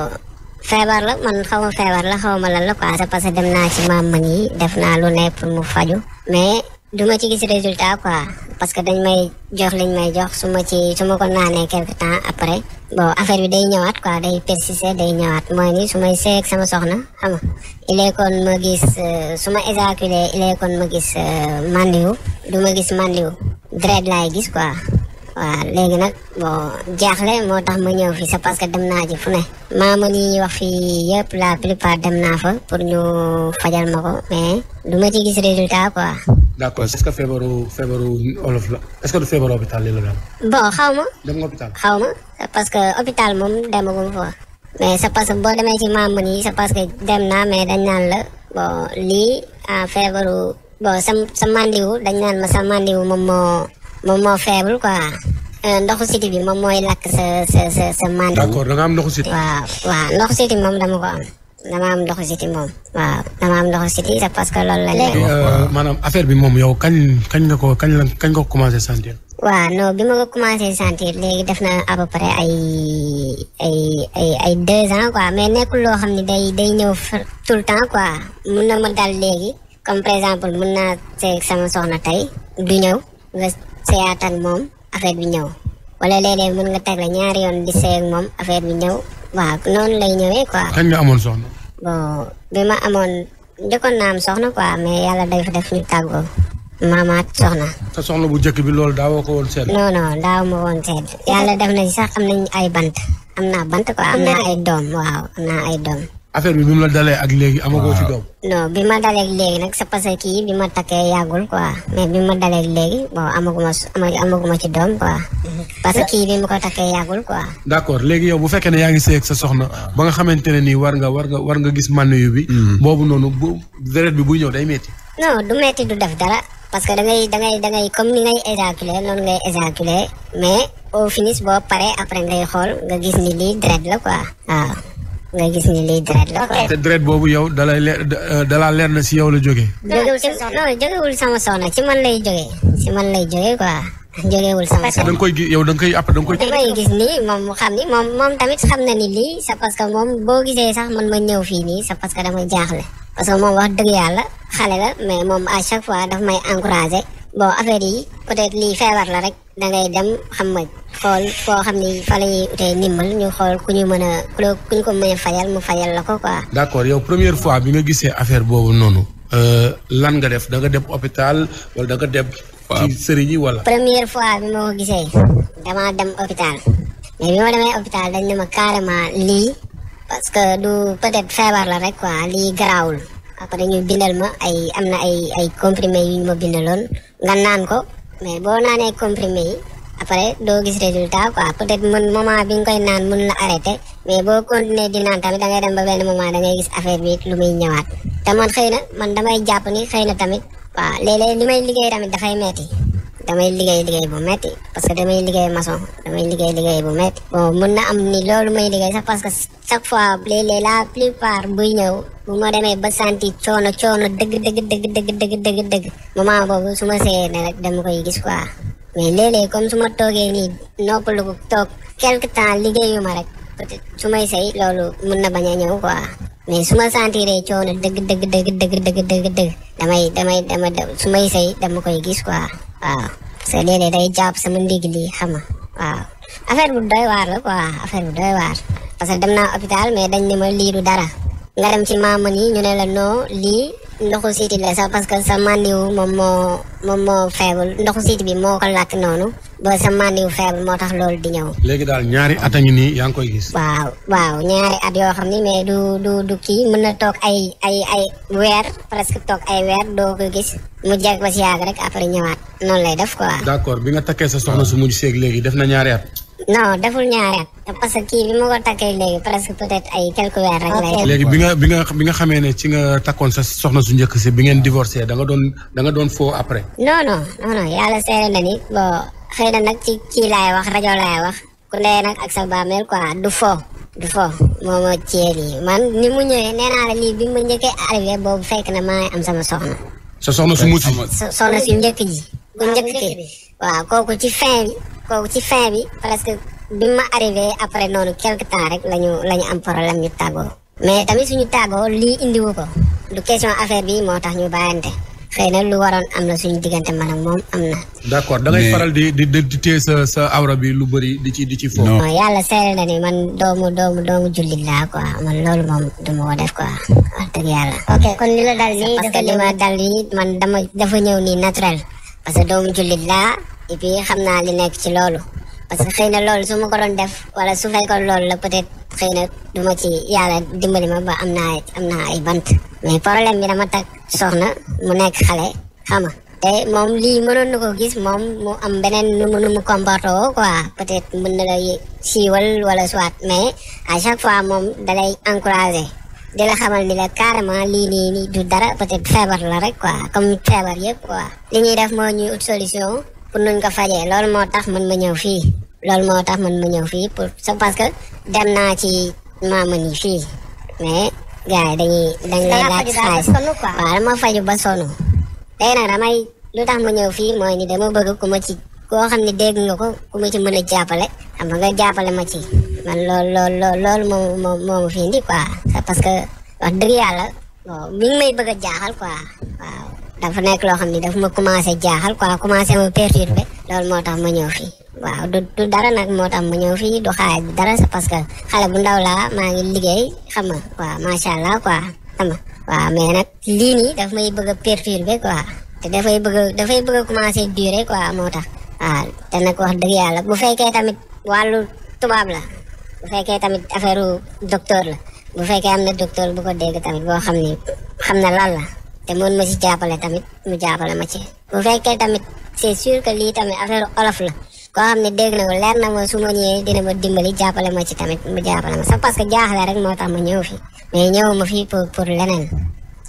la man xaw ma feebar la xaw ma lan la quoi c'est parce que dem naa ci maam man yi def naa lu ne pour mu faju mais du ma ci gis résultat quoi parce que dañ may jox liñ may jox su ma ci su ma ko naanee quelque temps après bon affaire bi day ñëwaat quoi day persister day ñëwaat mooy ni su may seeg sama soxna xam nga ilee kon ma gis euh, su ma éjaculé ilee kon ma gis euh, mandiwu du ma gis mandiwu dread laay gis quoi waaw léegi nag bon jaaxle moo tax ma ñëw fii sa parce que dem naa ji fu ne maamoon yi ñuy wax fii yëpp la plupart dem naa fa pour ñu fajal ma ko mais du ma ci gis résultat quoi. d'accord est-ce que feebaru feebaru olof la est-ce que du feebaru hôpital li la mel. bon xaw ma. dem xaw ma parce que hôpital moom demagum fa. mais c'est parce boo demee ci maamoon yi c'est parce dem naa mais dañ naan la bon lii ah, feebaru bon sa sa mandiwu dañ naan ma sa mandiwu moom moo. moom moo faible quoi. Euh, ndoxu siti bi moom mooy lakk sa sa sa sa man. am ndoxu siti. waaw waaw ndoxu siti moom dama ko am dama am ndoxu siti moom waaw dama am ndoxu siti c'est parce que la. léegi euh, maanaam affaire bi moom yow kañ kañ nga ko kañ la kañ nga ko commencé sentir. waaw non léegi def na à peu près ay ay ay deux ans quoi mais nekkul loo xam ne day day ñëw tout le temps quoi mun na ma dal léegi comme par exemple mun naa sama soxna tey du ñëw. sëyaat ak moom affaire bi ñëw wala léeg-léeg mën nga tegle ñaari yoon di sëy ak moom affaire bi ñëw waaw noonu lay ñëwee quoi. kañ nga amoon soxna. bon naa am soxna quoi mais def ñu tàggoo. maamaat soxna. te soxna bu njëkk bi loolu daawoo ko woon seet. non daaw ma woon seet. yàlla def na sax am nañ ay bant. am naa bant quoi am naa ay doom waaw am naa ay doom. affaire bi bi mu dalee ak léegi amagoo ci ah. doom. non bi ma dalee ak léegi nag c'est parce que kii bi ma takkee yàggul quoi mais bi ma dalee léegi yow bu fekkee ne yaa ngi sëy ak sa soxna ah. ba nga xamante ne nii war nga war war nga gis mànnuyu bi. Hmm. boobu noonu bu deret bi buy ñëw day metti. non du metti du def dara. parce que da da da ngay comme ni ngay éjaculer noonu ngay éjaculer mais au finish boo paree après ngay xool nga gis ni lii deret la quoi waaw. Ah. nga gis ni lii dërët la quoi. te dërët boobu yow dalay leer dalaa leer na si yow la jóge jógewul si non jógewul sama soxna ci man lay jógee si man lay jógee quoi. jógewul sama soxna da nga koy gis yow da àpp da nga koy. da koy gis nii moom xam ni moom tamit xam na ni lii c'est parce que moom boo gisee sax man ma ñëw fii nii sa parce que dama jaaxle. parce que moom wax dëgg yàlla xale la mais moom à chaque fois daf may encouragé bon affaire yi peut-être lii feebar la rek da dem xam nga xool foo xam ni fa la ñuy ñu xool ku ñu mën a ku ñu ko mën a fayal mu fayal la ko quoi. d'accord yow première fois bi ma gisee affaire boobu noonu. Euh, lan nga def da nga dem hôpital wala da dem. ci sëriñ première fois bi ma ko gisee damaa dem hôpital mais bi ma demee hôpital dañ ne ma carrément parce que du peut-être feebar la rek quoi lii garaawul après ñu bindal ma ay am na ay ay comprimé yu ñu ma bindaloon nga naan ko mais boo naanee comprimé yi après doo gis résultat quoi peut-être mën moment bi koy naan mën la arrêté mais boo continuer di naan tamit da ngay dem ba benn da ngay gis affaire bi lu muy ñëwaat te man xëy na man damay jàpp ni xëy na tamit waaw léeg-léeg li tamit dafay metti damay liggéey liggéey bu metti parce que damay liggéey maçon damay liggéey liggéey bu metti bon mën na am ni loolu may liggéey sax parce que chaque fois léeg-léeg la plupart buy ñëw bu ma demee ba santi coono coono dëgg dëgg dëgg dëgg dëgg dëgg dëgg moment boobu su ma seeyee ne rek dama koy gis quoi mais ma toogee nii noppalu ko toog quelque temps liggéeyu su may sey loolu mën na bañ a ñëw quoi mais su ma sentiree coono dëgg dëgg dëgg dëgg dëgg dëgg damay damay dama su may sey dama koy gis quoi waaw parce que nee day jàpp sama ndig lii xam nga a affaire bu doy waar la quoi affaire bu doy waar parce que dem naa hôpital mais dañ ne ma lii du dara nga dem ci maam yi ñu ne la non lii ndoxu siiti la sax parce que sa màndiwu moom moo moom moo faible ndoxu siiti bi moo ko làkk noonu ba sa màndiwu faible moo tax loolu di ñëw. léegi daal ñaari at a ngi nii yaa ngi koy gis. waaw waaw ñaari at yoo xam ni mais du du du kii mën na toog ay ay ay weer presque toog ay weer doo ko gis mu jag ba si yàgg rek après ñëwaat noonu lay def quoi. d'accord bi nga takkee sa soxna su mujj seeg léegi def na ñaari at. non deful ñaari at parce que kii bi mu ko takkee léegi presque peut-être ay quelques weer lay bi nga bi nga xamee ne ci nga takkoon sa soxna su njëkk si bi ngeen divorcé da nga doon da nga doon foo après. non non non non yàlla na na ci kii laay wax rajo laay wax ku ndey nag ak sa bàmmeel quoi du foo. la lii bi ma njëkkee soxna. sa soxna su mujj. soxna njëkk ji. bu ah, njëkk bi waaw kooku ci fin bi kooku ci fin bi presque bi ma arrivé après noonu quelque temps rek lañu la ñu am problème ñu tàggoo mais tamit suñu tàggoo lii indiwu ko du question affaire bi moo tax ñu bàyyante xëy na lu waroon am na suñu diggante man ak moom am na. d'accord da faral di di di téye sa sa yi lu bëri di ci di ci foofu. non yàlla seere na ni man doomu doomu doomu jullit laa quoi man loolu moom du ko def quoi wax yàlla. ok kon li la dal nii dafa ñëw parce que doomu jullit la et xam naa li nekk ci loolu parce que xëy na loolu su ma ko doon def wala su loolu la peut-être xëy na du ci yàlla dimbali ma ba am naa am naa ay bant mais problème bi dama takk soxna mu nekk xale xama te moom lii mënoon na ko gis moom mu am beneen nu mu nu mu comporté woo quoi na la siiwal wala soit mais à chaque fois moom dalay encouragé di la xamal ni la carrément lii nii nii du dara peut-être feebar la rek quoi comme feebar yëpp quoi. li ñuy def moo ñuy ut solution pour nuñ ko fajee loolu moo tax man ma ñëw fii loolu moo tax man ma ñëw fii pour c'est parce que dem naa ci maaman yi fii mais gars yi dañuy dañ lay ba sonn léegi nag damay lu fii mooy ni dama bëgg ku ma ci koo xam ne dégg ko ku ma ci mën a jàppale xam nga jàppale ma ci man loolu loolu loolu loolu moom moom moomu fi indi quoi c'est parce que wax dëgg la bon mi may bëgg a jaaxal quoi dafa nekk loo xam ne dafa ma commencé jaaxal quoi commencé ma perturbé loolu moo tax ma ñëw fi waaw du du dara nag moo tax ma ñëw fii du xaaj dara c'est parce que xale bu ndaw maa ngi liggéey xam nga waaw macha allah quoi xam nga waaw mais nag lii dafa may bëgg a perturbé quoi te dafay bëgg a dafay bëgg a commencé durer quoi moo tax te nag wax dëgg yàlla bu fekkee la bu fekkee tamit affaire docteur la bu fekkee am na docteur bu ko dégg tamit boo xam ne xam na lan la te mën ma si jàppale tamit mu jàppale ma ci bu fekkee tamit c'est sûr que lii tamit affaire olof la na ko leer ma ma ñëwee jàppale ma ci tamit mu jàppale ma sax parce que rek moo tax ma ñëw fi mais ñëw ma fi pour pour leneen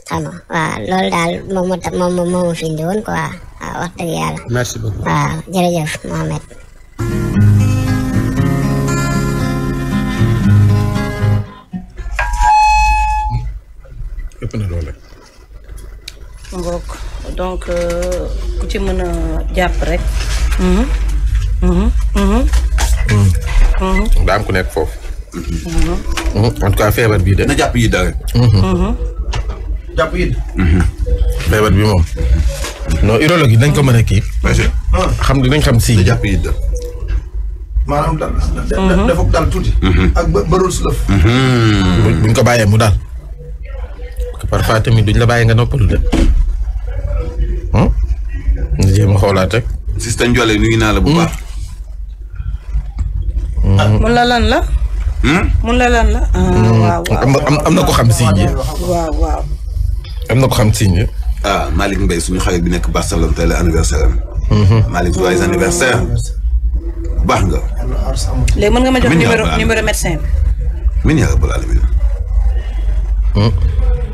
xam nga waaw loolu daal moom moo moom ma fi indi woon quoi waaw wax dëgg yàlla. merci beaucoup waaw ëpp na doole. ngoog donc euh, ku ci mën a jàpp rek. daa mhm. mhm. mhm. ku nekk foofu. en tout cas feebar bii de. na jàpp yi daal. jàpp yi. feebar bi moom. non yi dañ ko mën a kii. Ah. xam dañ xam si. jàpp yi daal. maanaam daal dafa daal tuuti. ak buñ ko bàyyee mu daal. parfois tamit duñ la bàyyi nga noppalu de. Hmm? nga jéem a xoolaat rek. sista Ndiolé nuyu naa la bu hmm? baax. Hmm? Ah, mun la lan la. mun la lan la. Ah, am na ko xam siñ yi. am na ko xam siñ yi. ah Malick Mbaye suñu xarit bi nekk Barcelone tey la anniversaire am. nga. léegi mën nga ma jox numéro numéro médecin bi. min yaa rabbal alamin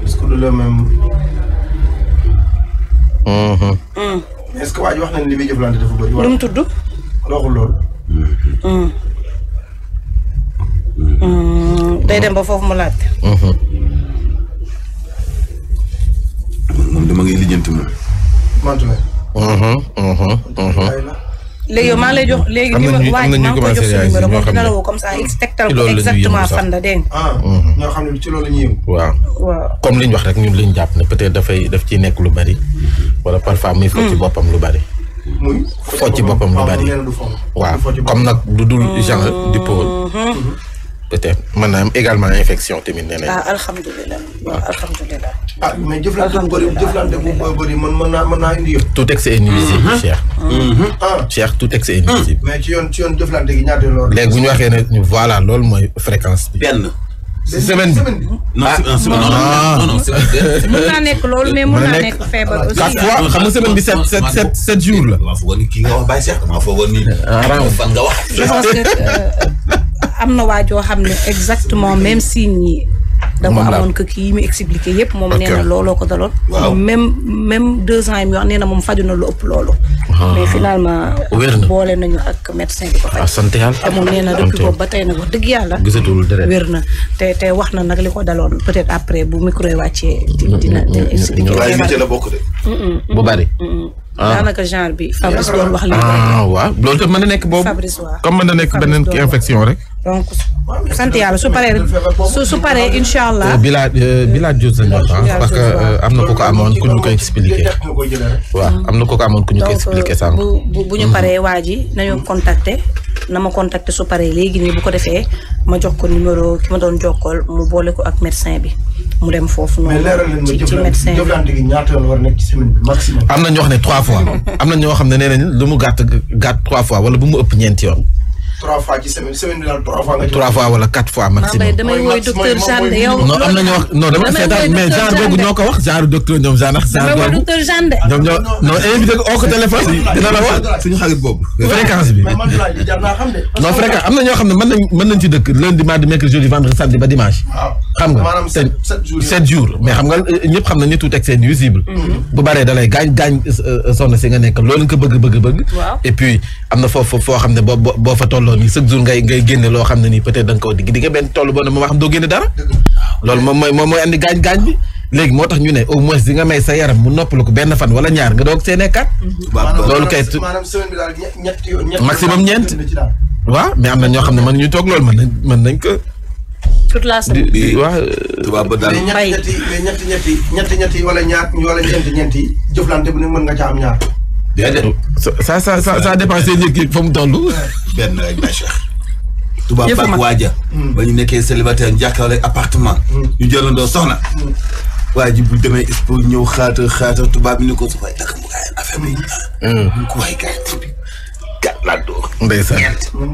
est-ce que du la même. Mm-hmm. Mm. est-ce que waa ji wax nañ li muy jëflante dafa bëri. lu mu tudd. waxul loolu. Mm. Mm. day dem foofu mu laajte. moom mm-hmm. dama ngay lijjanti moom. mantu la. léegi yow maa lay jox léegi numéro waa ji maa ngi koy jox sa numéro moom loolu la woo comme ça tegtal ko exactement fan la dégg nga. Ah, mhm. ñoo xam ne ñuy waaw comme li wax rek ñun li jàpp ne peut-être dafay daf ciy nekk lu bari. wala parfois muy fo ci mm. boppam lu bari. muy fo ci boppam lu bari. waaw comme nag du dul genre mm-hmm. di pôle. Mm-hmm. peut-être mën na am également infection tamit nee nañu. ah alhamdulilah. waaw alhamdulilah. ah mais jëflante bu bëri jëflante man mën mën naa indi yëpp. tout excès est nuisible. cher. ah cher tout excès est nuisible. mais ci yoon ci yoon jëflante gi ñaata léegi bu ñu waxee ne voilà lool mooy fréquence bi. benn. semaine bi non non non nekk loolu mais mën naa nekk feebar aussi. xam nga semaine bi sept sept sept sept jours la. maa foog ni kii nga am na waajoo xam ne exactement même signe yi. dama amoon que kii yi mu expliqué yëpp moom nee na looloo ko daloon même même deux ans yi mu na moom faju na lu ëpp loolu ah. mais finalement boole nañu ak médecin bi ko faj ah, sant yàlla te moom nee na depuis ba tey nag wax dëgg yàlla gisatul dara wér na te te wax na nag li ko daloon peut être après bu micro yi wàccee dina dina expliqué waaye métier la bokk de bu bari daanaka genre bi Fabrice doon wax ah waaw loolu tam mën na nekk boobu Fabrice waaw comme mën na nekk beneen ki infection rek donc sant yàlla su paree su su paree incha allah. bilaa bilaa Diouf lañ wax parce que am na ko ko amoon ku ñu ko expliqué. waaw am na ko ko amoon ku ñu ko expliqué sànq. bu ñu paree waa ji nañu contacter. na ma contacter su paree léegi nii bu ko defee ma jox ko numéro ki ma doon jokkool mu boole ko ak médecin bi mu dem foofu noonu. ci ci médecin bi ñaata yoon war nekk ci semaine bi maximum. am na ñoo xam ne trois fois am na ñoo xam ne nee nañ lu mu gàtt gàtt trois fois wala bu mu ëpp ñeenti yoonu trois fois ci quatre fois maximum. damay woy docteur Jeanne yow. am na ñoo wax genre damay wax suñu boobu. fréquence bi mais fréquence am na ñoo xam ne mën nañ ci dëkk lundi mardi mercredi jeudi vendredi samedi ba dimanche. xam nga maanaam sept mais xam nga euh, ñëpp xam na nitu teg seen nuisible. Mm-hmm. bu baree da gaañ gaañ euh, euh, sonn si nga nekk loolu nga bëgg bëgg bëgg. et puis am na foofu foo xam ne boo boo fa tolloo nii chaque jour ngay ngay génne loo xam ne nii peut-être da nga benn toll boo ne moom xam doo génne dara. loolu moom mooy moom mooy gaañ gaañ bi. léegi moo tax ñu ne au moins nga may sa yaram mu noppalu ko benn fan wala ñaar nga doog see nekkaat. loolu kay maanaam am na ñoo xam ne mën ñu toog loolu mën nañ mën nañ ko. toute la semaine bi waaw. tubaab ba daal ñetti ñetti ñetti ñetti wala ñaar wala ñeenti ñeenti jëflante bu ne mën nga ca am ñaar déedéet. ça ça ça ça dépassé njëkk fa mu toll. benn rek ma cher. tubaab baag waaja. Mm. ba ñu nekkee célibataire ñu jàkkaarloo appartement. Mm. ñu jëlandoo soxna. Mm. waa ji bu demee expo ñëw xaatal xaatal tubaab bi ni ko su fay takk mu gaay affaire bi. ñu ko waay gaay tuuti. gàtt laa door. ndeysaan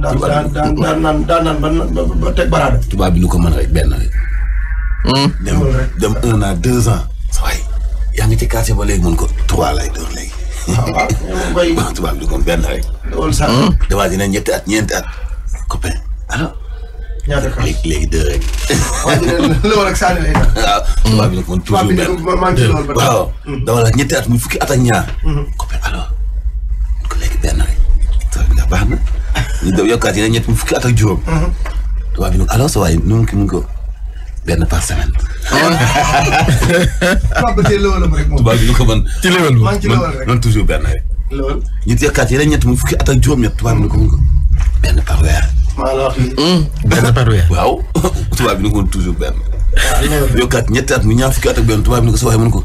daan daan daan naan daan naan ba teg baraada. tubaab bi ni ko mën rek benn rek. dem dem un an deux ans. sa waay ci quartier ba léegi mën ko trois lay door léegi. waaw tubaab bi kon benn rek. loolu sax. dafaa hmm? dina ñetti at ñeenti at. copain alors. ñaata kan léegi léegi deux rek. waaw ah, tubaab bi nag man benn waaw. Hmm. dama la ñetti at muy fukki at ak ñaar. Hmm. copain alors. ko léegi benn rek. tubaab bi nag baax na. ñett muy fukki at ak juróom. tubaab bi nag alors sa waay ko. benn par semaine. Ah. tubaab yi ko mën. ci level bu man toujours benn rek. loolu. ñu jëkkaat yeneen ñett mu fukki at ak juróom-ñett tubaab yi ko mën benn par weer. maa hmm. benn par weer waaw. tubaab yi ko mën toujours benn. yokkaat ñetti at mu ñaar fukki at benn tubaab yi ko si waxee mën ko.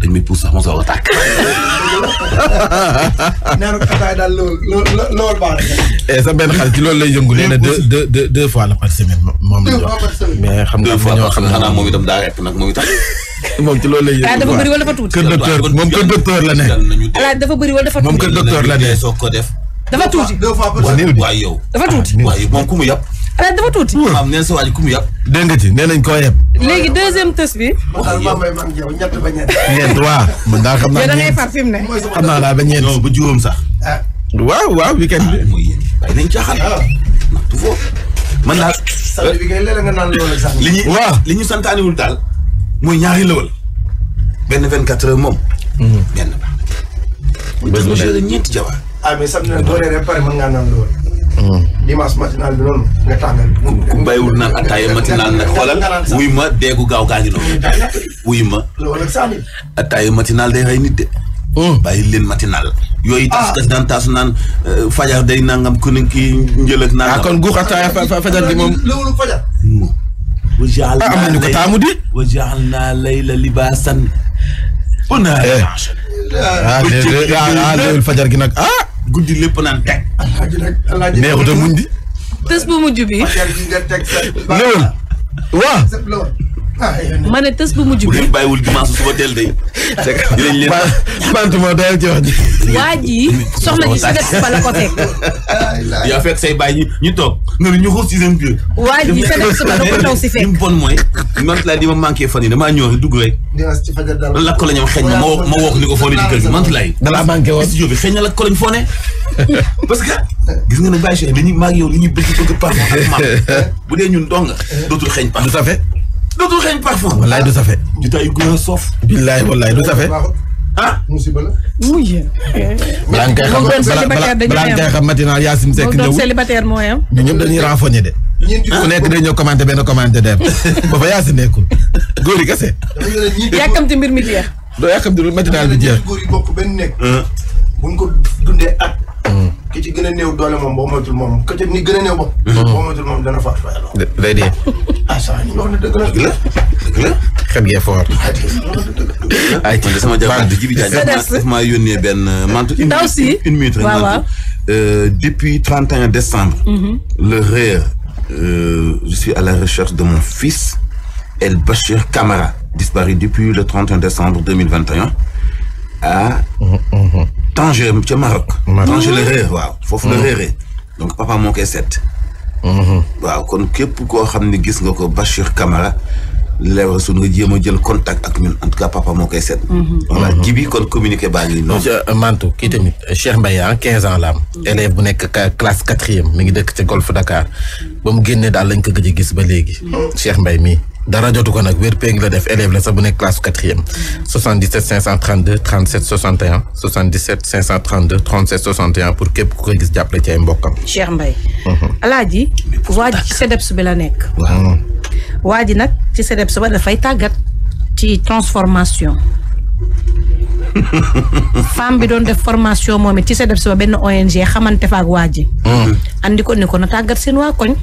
dañ may puus sax ma soog a tàkk. naan xataay daal lool lool baax na. Eh, sa benn xarit ci loolu lay yëngu nee na deux deux deux fois la par semaine moom la ñu wax. mais xam daa rek nag moom itam. moom ci loolu lay yëngu dafa bëri wala dafa tuuti. kër docteur moom la nekk. ala dafa bëri wala dafa tuuti moom kër tuuti deux fois par tuuti waaw moom ku mu yàpp. alaaj dafa tuuti. maam nee sa waaj ku mu yab. dégg nga ci nee nañ koo yab. léegi deuxième tës bi. waxal maa may man yow ñett ba ñeent. ñeent waaw. xam naa ñeent da ngay ba ñeent. non ba juróom sax. Ah. waaw waaw weekend bi. mooy yéen waaye nañ caaxaan. Ah. naxtu foofu. man daal. sànni bi kay léeg nga naan loolu sax. li ñuy waaw li ñu santaaniwul daal. mooy ñaari lëwal. benn vingt quatre heures moom. Mhm. benn baax na. bés bu ñeenti jawaar. ah mais sam na doole rek pare mën ngaa naan loolu dimanche matinal bi noonu nga tàngal. ku bàyyiwul naan attaaya matinal nag xoolal wuy ma deegu gaaw gaa ngi noonu. wuy ma. attaaya matinal day rey nit de. Hmm. bàyyi leen matinal. yooyu tas ah. kas daan tas naan euh, fajar day nangam ku ne kii njël ak nangam. Ah, kon guux attaaya fajar gi moom. loolu jaal hmm. ah, naa layla libaasan. on eh. a. ah léegi fajar gi nag ah. guddi lépp naan teg. neexut a muñ di. tës bu mujj bi. léwal waa ma ne tës bu mujj bi bu leen bàyyiwul dimanche suba teel de. dinañ leen bantuma a ci wax ji. waa ji soxna ji si def fa la ko teg. yaa fekk say bàyyi ñu ñu toog. nga ne ñu si seen biir. waa suba la ko mooy man laa di ma manqué fan yi damaa lakk la ñam xeeñ ma ma woo ni ko foo ne kër gi man laay. dalaa manqué woon studio bi xeeñ na lakk lañ foo ne parce que gis nga ne bàyyi si li ñu maa ngi yow li ñu bëgg bëgg pax bu dee ñun dong dootul xeeñ pax tout à dootul xeeñ parfum. wallaay du safe. jotaayu góor a soof. billaay wallaay du safe. ah musiba la. mu yéen. balaa nga koy xam balaa nga koy xam matinal Yacine Seck ñëw dañuy renfogné de. ku nekk day ñëw commenté benn commenté dem ba fa Yacine nekkul góor yi kese. mbir mi jeex. doo yàkkamti matinal bi jeex. góor yi bokk benn nekk. buñ ko dundee ki ci gën a néew doole moom boo moytul moom que ni gën a néew bopp. Mm-hmm. boo moytul moom dana faatu fa yàlla. dë day de ah, ah, sama jabar ji bi jaajëf maa yónnee benn mantu. ndaw si euh, depuis 31 mm-hmm. le réer euh, je suis la recherche de mon fils El Bachir Camara disparu depuis le 31 décembre 2021 Tanger ca Maroc. Tanger la réer waaw. Mm-hmm. foofu la réeree donc papa moo koy seet. Mm-hmm. waaw kon képp koo xam ne gis nga ko Bachir Camara leeral su nga a jël contact ak ñun en tout cas papa moo koy seet. Mm-hmm. voilà ji kon communiqué baa ngi noonu. Euh, Mantou kii tamit Cheikh Mbaye ah 15 ans la am. bu nekk classe quatrième mi ngi dëkk ca golfe Dakar ba mu génnee daal lañ ko gëj a gis ba léegi. Cheikh Mbaye mii. dara jotu ko nag wér péng la def élève la sax bu nekk classe quatrième 77 532 37 61 77 532 37 61 pour képp ku ko gis jàppale ci ay mbokkam. Cheikh Mbaye. Mhm. Alaaji waa ji ci SEDEPS bi la nekk. waaw waa ji nag ci SEDEPS ba dafay tàggat ci transformation. femme bi doon def formation moom it ci SEDEPS ba benn ONG xamante fa ak waa ji. Mhm. andi ko ni ko na tàggat seen waa koñ.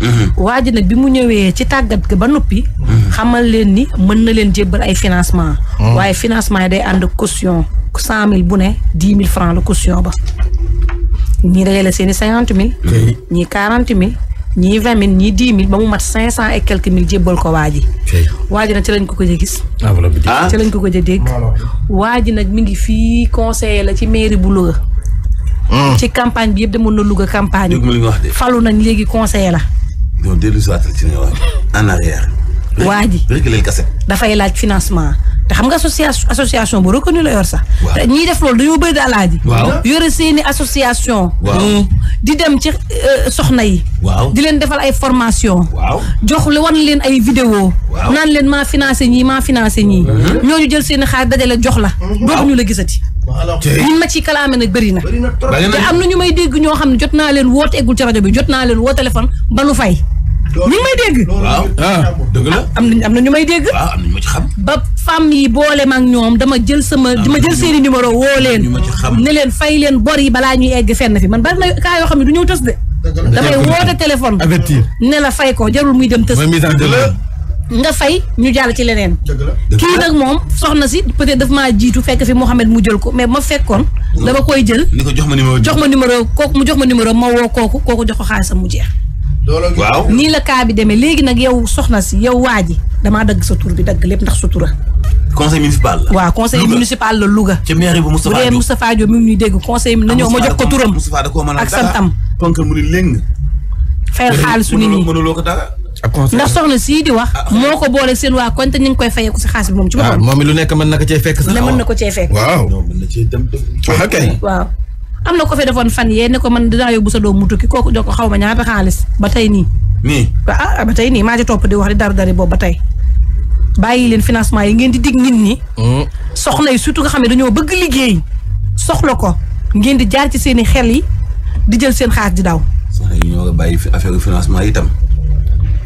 Mm-hmm. waa ji nag bi mu ñëwee ci tàggat ga ba noppi. Mm-hmm. xamal leen ni mën na leen jébbal ay financement mm-hmm. waaye financement yi day ànd costion cent mille bu ne dix mille franc la caution ba. ñii dajale seen cinquante mille. ñii quarante mille. ñii vingt ñii dix mille ba mu mat cinq cent et jébbal ko waa ji. waa ji nag ci lañ ko gëj a gis. Ah, ah. ci lañ ko gëj a dégg. waa ji nag mi ngi fii conseiller la ci mairie bu Louga. Mm. ci campagne bi de mën na Louga campagne. falu nañ léegi conseiller la. non dellu si waatal ci ne waa en arrière. waa ji rek leen kase. dafay laaj financement. te xam nga association association bu reconnu la yor sax. waaw ñiy def loolu dañoo bëri daal laaji. waaw yore seeni association. Mm. di dem ci euh, soxna yi. waaw di leen defal ay formation. waaw jox li wan leen ay vidéo naan leen maa finance ñii maa financé ñii. Mm-hmm. ñu jël seeni xaar dajale jox la. Mm-hmm. dootuñu la gisati. ñun ma ci kalaame nag bëri na. te am na ñu may dégg ñoo xam ne jot naa leen woo te ci rajo bi jot naa leen woo téléphone ba nu fay. ñu ngi may dégg. waaw ah, dëgg la ah, am na ñu may dégg. waaw ah, ci xam. ba femme yi boole ma ñoom dama jël sama. dama jël seen i numéro woo leen. ne leen fay leen bor yi balaa ñuy egg fenn fi man bari na kaa yoo xam ne du ñëw tës de. damay woote téléphone. avertir ne la fay ko jarul muy dem tës. nga fay ñu jàll ci leneen. kii nag moom soxna si peut-être daf maa jiitu fekk fi Mouhamed mu jël ko mais ma fekkoon. dama koy jël. ni ko jox ma numéro jox ma numéro kooku mu jox ma numéro ma woo kooku kooku jox ko xaalisam mu jeex. waaw nii la kaa bi demee léegi nag yow soxna si yow waa ji damaa dagg sa tur bi dagg lépp ndax sa tura conseil municipal la. waaw conseil municipal la Louga. ca mairie bu Moustapha Diop bu dee Moustapha Diop mi ngi dégg conseil bi nañoo ma jox ko turam. ak santam Moustapha mu ni léng. fayal xaalisu nit ñi mënuloo ko dara. ndax soxna sii di wax. Ah, ah. moo ko boole seen waa konte ñu ngi koy fayeeku si xaas bi moom. ci boppam ah, moom mi lu nekk mën na ko cee fekk sax. mën na oh. ko cee fekk. waaw. waaw kay. waaw. am na ko fi defoon fan yee ne ko man dinaa yóbbu sa doom mu tukki kooku jox ko xaw ma ñaata xaalis ba tey nii. nii ah, ah ba tey nii maa ci topp di wax di dara dari boobu ba tey. bàyyi leen financement yi ngeen di dig nit ñi. Hmm. soxna yi surtout nga xam ne dañoo bëgg liggéey. soxla ko ngeen di jaar ci seen i xel yi di jël seen xaalis di daw. soxna yi ñoo bàyyi affaire financement yi tam.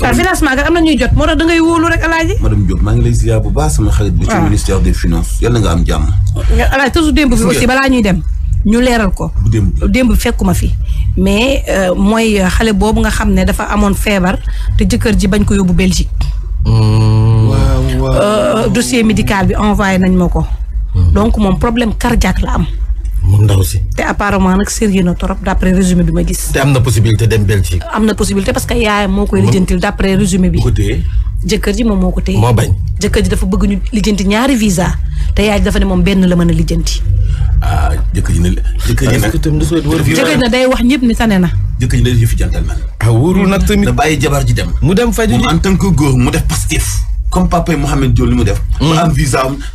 waaw ah, financement kat am na ñuy jot moo tax da wóolu rek alaaji. madame Diop maa ngi lay ziar bu baax sama xarit bi. ci ah. ministère des finances yal na nga am jàmm. alaaji balaa ñuy dem. ñu leeral ko. démb fekkuma fi. mais euh, mooy xale boobu nga xam ne dafa amoon feebar te jëkkër ji bañ ko yóbbu Belgique. Hmm. waaw waaw euh, dossier médical bi envoyé nañ ma ko. Hmm. donc moom problème cardiaque la am. moom ndaw si. te apparemment nag sérieux na trop d' après résumé bi ma gis. te am na possibilité dem Belgique. am na possibilité parce que yaayam moo koy lijjantil d' après résumé bi. jëkkër ji moom moo ko téye. moo bañ jëkkër ji dafa bëgg ñu lijjanti ñaari visa te yaay ji dafa ne moom benn la mën a lijjanti. Ah, jëkkër ji ne jëkkër ji nag jëkkër ji nag jëkkër ji ne yëfi ah, ji dem. mu ji en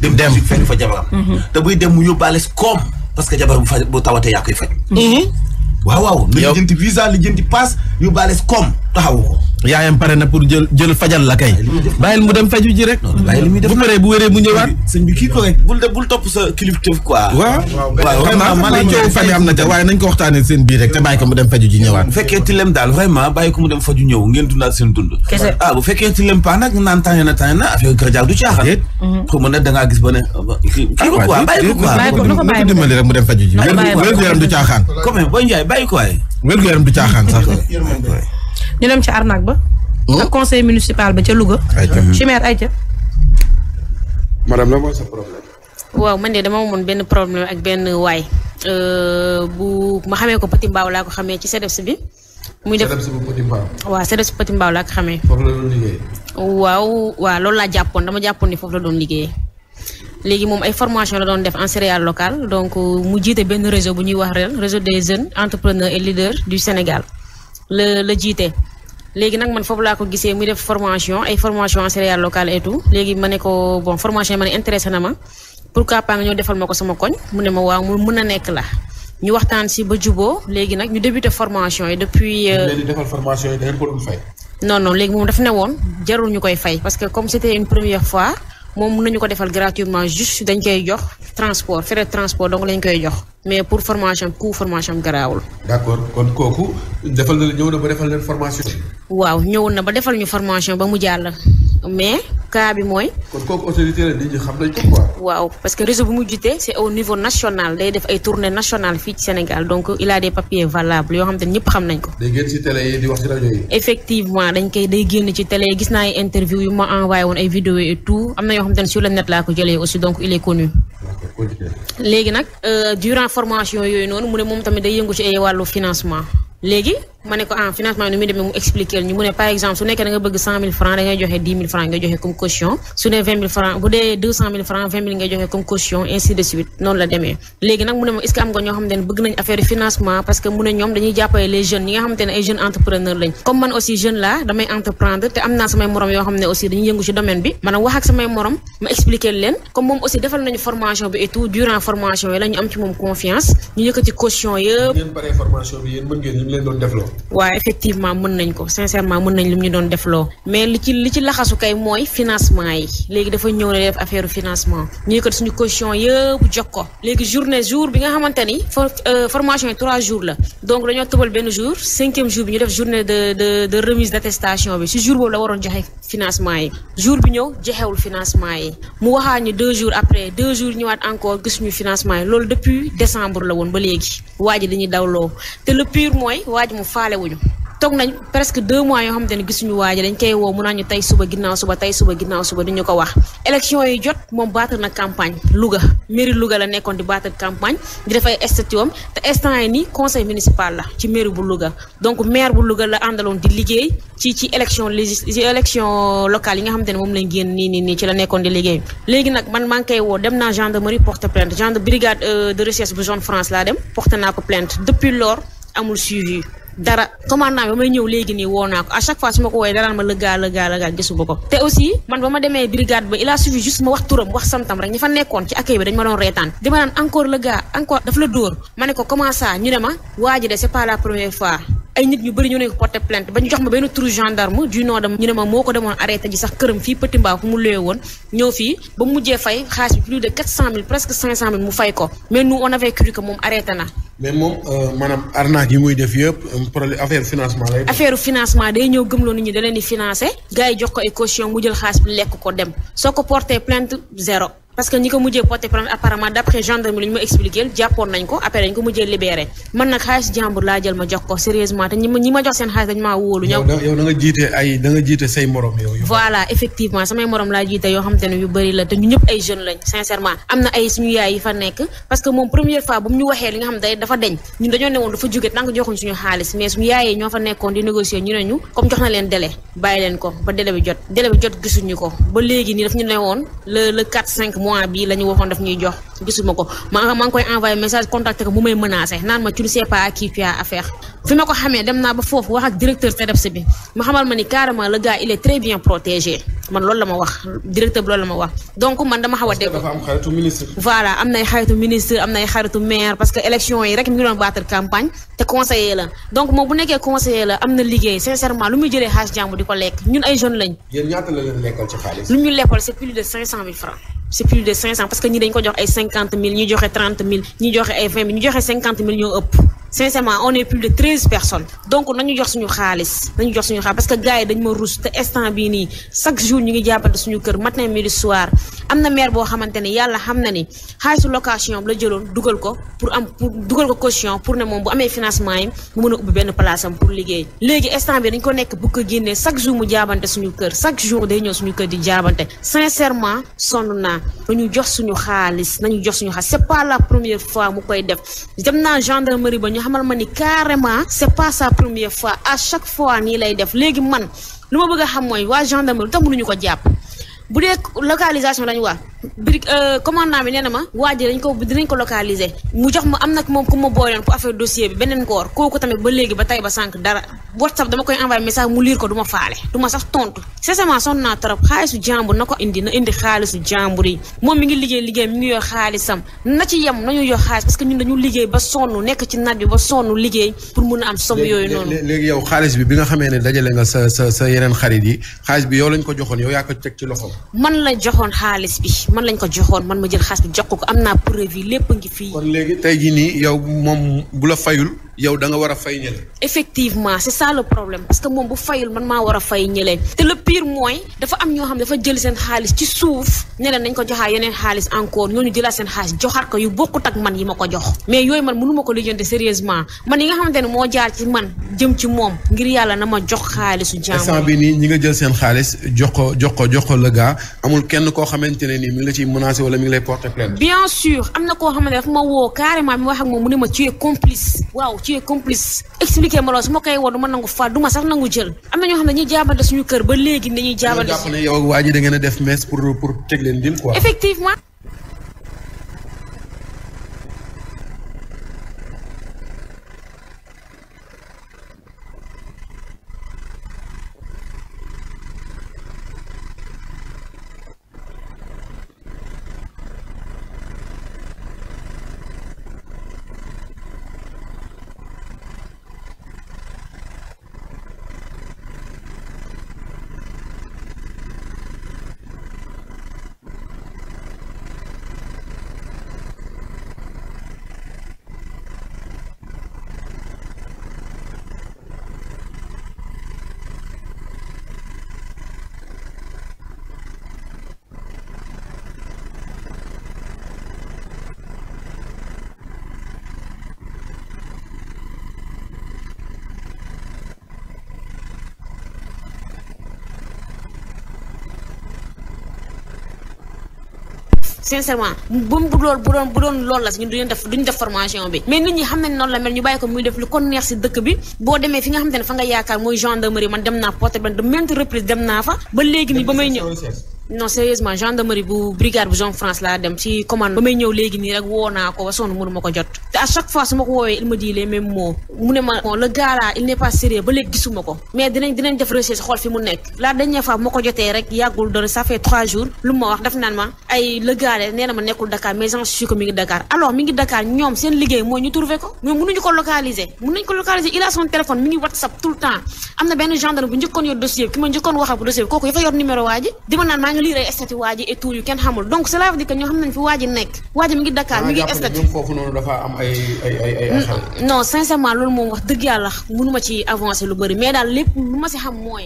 mm. fa jabaram. Mm-hmm. te dem mu yóbbaale koom parce jabar bu tawatee yaa koy faj. Mm-hmm. waaw waaw. yow visa li jënti pass koom taxawu ko. yaayam pare na pour jël jël fajal la kay. bàyyil mu dem faju ji rek. bàyyil muy def bu paree bu wéree mu ñëwaat. sëñ bi kii correct bul de topp sa kilifteef quoi. waaw waaw na te waaye nañ ko waxtaanee seen biir rek te bàyyi ko mu dem faju ñëwaat. bu fekkee tilem daal vraiment bàyyi ko mu dem faju ñëw ngeen dundaat seen dund. kese ah bu fekkee tilem paa naan tànn na tànn na affaire du caaxaan. pour mu ne da gis ba ne. kii ko quoi bàyyi ko quoi bàyyi ko nu ko dimbali rek mu dem faju ji wér gu yaram du caaxaan. comme booy bàyyi ko waay wér gu yaram ñu dem ci arnaque ba. Hmm? ak conseil municipal ba ca Louga. Hmm. Chimère Aïcha. madame waaw man de dama amoon benn problème ak benn waay euh, bu ma xamee ko Petit Mbaaw laa ko xamee ci CDEPS bi. muy def CDEPS bu Petit Mbaaw. waaw CDEPS laa ko xamee. waaw waaw loolu laa jàppoon dama jàppoon ni foofu la doon liggéey. léegi moom ay formation la doon def en céréales local donc mu jiite benn réseau bu ñuy wax REL réseau des jeunes entrepreneurs et leaders du Sénégal. la la jiite. léegi nag man foofu laa ko gisee muy def formation ay formation en céréales locales et léegi ma ne ko bon formation yi ma ne intéressé na ma pourquoi pas nga ñëw defal ma ko sama koñ mu ne ma waaw mu mën a nekk la ñu waxtaan si ba juboo léegi nag ñu débuté formation yi depuis. Euh, léegi defal formation yi da ngeen léegi moom dafa ne woon jarul ñu koy fay parce que comme c'était une première fois. moom mun nañu ko defal gratuitement juste dañ koy jox transport frais transport donc lañ koy jox mais pour formation coût formation garaawul. d'accord kon kooku defal na ñëw na ba defal leen formation. waaw ñëw na ba defal ñu formation ba mu jàll. mais cas bi mooy. kon waaw parce que réseau bu mu jiite c' est au niveau national day def ay tournées nationales fii ci Sénégal donc il a des papiers yoo xam ñëpp xam nañ ko. day effectivement dañ koy day génn ci télé gis naa ay interview yu ma envoyé woon ay vidéo et tout am na yoo xam te ne sur le net laa ko jëlee aussi donc il est connu. léegi nag euh, durant formation yooyu noonu mu ne moom tamit day yëngu ci ay wàllu financement léegi. ma ne ko ah financement nu muy demee mu expliquer ñu mu ne par exemple su nekkee da nga bëgg cent mille francs da ngay joxe dix mille francs nga joxe comme caution su dee vingt mille francs bu dee deux cent mille francs vingt mille ngay joxe comme caution ainsi de suite noonu la demee léegi nag mu ne ma est-ce que am nga ñoo xam ne bëgg nañ affaire financement parce que mu ne ñoom dañuy jàppale les jeunes ñi nga xamante ne ay jeunes entrepreneur lañ comme man aussi jeune la damay entreprendre te am naa samay morom yoo xam ne aussi dañuy yëngu ci domaine bi maanaam wax ak samay morom ma expliquer leen comme moom aussi defal nañu formation bi et tout durant formation yi la ñu am ci moom confiance ñu yëkkati caution yëpp waa effectivement mën nañ ko sincèrement mën nañ lu ñu doon def loo mais li ci li ci laxasu kay mooy financement yi léegi dafa ñëw ne def affaire financement ñuy kat suñu caution yëpp jox ko léegi journée jour bi nga xamante ni euh, formation yi jours la donc dañoo tëbal benn jour cinquième jour ñu def journée de de remise d'attestation bi si jour boobu la waroon joxe financement yi jour bi ñëw joxewul financement yi mu waxaat ñu deux jours après deux jours ñëwaat encore gisuñu financement yi loolu depuis décembre la woon ba léegi waa ji dañuy dawloo te le pire mooy waa ji mu faale wuñu toog nañ presque deux mois yoo xamante ne gisuñu waaja dañ koy woo mun naa ñu tey suba ginnaaw suba tey suba ginnaaw suba di ñu ko wax élection yi jot moom battre na campagne Louga mairie Louga la nekkoon di battre campagne di def ay statut am te instant yi nii conseil municipal la ci mairie bu Louga donc maire bu Louga la àndaloon di liggéey ci ci élection légis ci élection locale yi nga xamante ne moom lañ génn nii nii nii ci la nekkoon di liggéey léegi nag man maa ngi koy woo dem naa gendarmerie porte plainte gendre brigade euh, de recherche bu zone France laa dem porte naa ko plainte depuis lors dara commandant bi ba may ñëw léegi nii woo naa ko à chaque fois su ma ko wooyee daraan ma lëggaa lëggaa lëggaa gisuma ko te aussi man ba ma demee brigade ba il a suffi juste ma wax turam wax santam rek ñi fa nekkoon ci accueil bi dañ ma doon reetaan di ma naan encore lëggaa encore daf la dóor ma ne ko comment ñu ne ma waa ji de c'est pas la première fois ay nit ñu bëri ñu nekk porté plainte ba ñu jox ma benn turu gendarme du nom ñu ne ma moo ko demoon arrêté ji sax këram fii Petit Mbao fu mu luye woon ñëw fii ba mu mujjee fay xaalis bi plus de 400000 presque 500000 mu fay ko mais nous on avait cru moom arrêté na. mais moom euh, maanaam arnaque yi muy def yëpp euh, affaire financement affaire financement day ñëw gëmloo nit ñi da leen di financé gars yi jox ko ay mu jël xaalis bi lekk ko dem soo ko porté plainte zéro. parce que ñi ko mujjee porté plainte fois dafa deñ ñun dañoo newoon dafa jóge tant que suñu xaalis mais suñu yaay ñoo fa nekkoon di négocier ñu neñu comme jox na leen délai bàyyi leen ko ba délai bi jot délai bi jot gisuñu ko ba léegi nii daf ñu newoon le le 4 5 mois bi la waxoon daf ñuy jox gisuma ko ma koy envoyé message contacté ko mu may menacé naan ma tu ne sais pas à qui affaire fi ma ko xamee dem naa ba foofu wax ak directeur CDEPS bi ma xamal ma ni carrément le loolu la ma wax directeur bi loolu la ma wax donc man dama xaw a voilà am nay xaritu ministre am nay xaritu maire parce que élection yi rek mi ngi doon battre campagne te conseiller la donc moom bu nekkee conseiller la am na liggéey sincèrement c'est plus de 500 parce que ñi dañ ko jox ay 50 000 ñu joxe 30 000 ñu joxe ay 20 000 ñu joxe ñoo ëpp. sincèrement on est plus de treize personnes donc nañu jox suñu xaalis nañu jox suñu xaalis parce que gars yi dañ ma rus te instant bii jour ñu ngi jàppante suñu kër matin midi soir am na maire boo xamante ne yàlla xam na ni xaalisu location la jëloon dugal ko pour am dugal ko caution pour ne moom bu amee financement yi mu benn place am pour liggéey léegi instant bi dañ ko nekk bu ko génnee chaque jour mu jaabante suñu kër chaque jour day ñëw suñu kër di jaabante sincèrement sonn naa nañu jox suñu xaalis nañu jox suñu xaalis c'est pas la première fois mu koy def dem naa gendarmerie ba ñu xamal ma ni carrément c'est pas sa première fois à chaque fois nii lay def léegi man lu ma bëgg a xam mooy waa gendarmerie tax ñu ko jàpp bu dee localisation lañu wax birig euh, commandant bi nee na ma waa ji dañ ko dinañ ko localiser mu jox ma am nag moom ku ma booyoon pour affaire dossier bi beneen kooku tamit ba léegi ba tey ba sànq dara whatsapp dama koy envoyé message mu liir ko du ma faale ma sax tontu sincèrement sonn naa trop xaalisu jàmbur na ko indi na indi xaalisu jàmbur yi moom mi ngi liggéey liggéey mi ngi yor xaalisam na yem nañu yor xaalis parce que liggéey ba sonn nekk ci naaj bi ba sonn liggéey pour mun a am somme yooyu noonu léegi yow xaalis bi bi nga xamee ne dajale nga sa sa sa yeneen xarit yi xaalis bi yow lañ ko joxoon yow yaa ko teg ci loxo man la joxoon xaalis bi man lañ ko joxoon man ma jël xaalis bi jox ko am naa preuve yi lépp ngi fii. kon léegi tey jii nii yow moom bu la fayul. yow da nga war a fay ñële. effectivement c'est ça le problème parce que moom bu fayul man maa war a fay ñële te le pire mooy dafa am ñoo xam ne dafa jël seen xaalis ci suuf ne leen nañ ko joxaat yeneen xaalis encore ñooñu jëlaat seen xaalis joxaat ko yu bokkut ak man yi ma ko jox mais yooyu man mënu ma ko lijjanti sérieusement man yi nga xamante ne moo jaar man jëm ci moom ngir yàlla na ma jox xaalisu jàmm. instant bi nii ñi nga jël seen xaalis jox ko jox ko jox ko le amul kenn koo xamante ne nii mi ngi la ciy menacé wala mi ngi lay porter plainte. bien sûr am na koo xamante ne dafa ma woo carrément mi wax ak moom mu ne ma tu es complice waaw tu es complice expliqué ma loolu su ma koy woon du nangu faat du sax nangu jël am na ñoo xam ne ñuy jaabante suñu kër ba léegi dañuy jaabante. ñoo jàpp ne yow ak waa ji da ngeen a def mess pour teg leen dil quoi. effectivement. sincèrement bu mu bu loolu bu doon bu doon la si ñun duñu def formation bi mais nit ñi xam nañ noonu la mel ñu bàyyi ko muy def lu ko neex si dëkk bi boo demee fi nga xam ne fa nga yaakaar mooy gendarmerie man dem naa porte benn de maintes reprises dem naa fa ba léegi nii ba may ñëw non sérieusement gendarmerie bu brigade bu zone laa dem ci commande ba may ñëw léegi nii rek woo naa ko ma ko jot te à chaque fois su ma ko woowee il me dit les mu ne ma le il n'est pas sérieux ba léegi gisuma ko mais dinañ dinañ def recherche xool fi mu nekk la dernière fois moo ko jotee rek yàggul doon ça fait trois jours lu ma wax daf naan ma ay le gars ma nekkul Dakar mais j'en suis que mi ngi Dakar ko mais ngi WhatsApp tout le temps am na benn gendarme bu njëkkoon yor dossier bi ki ma njëkkoon waxal bu dossier bi kooku dafa yor numéro waa ji di ma naan maa ngi lii rey estati waa ji yu kenn loolu moom wax dëgg yàlla mënuma ci avancer lu bëri mais daal lépp lu ma si xam mooy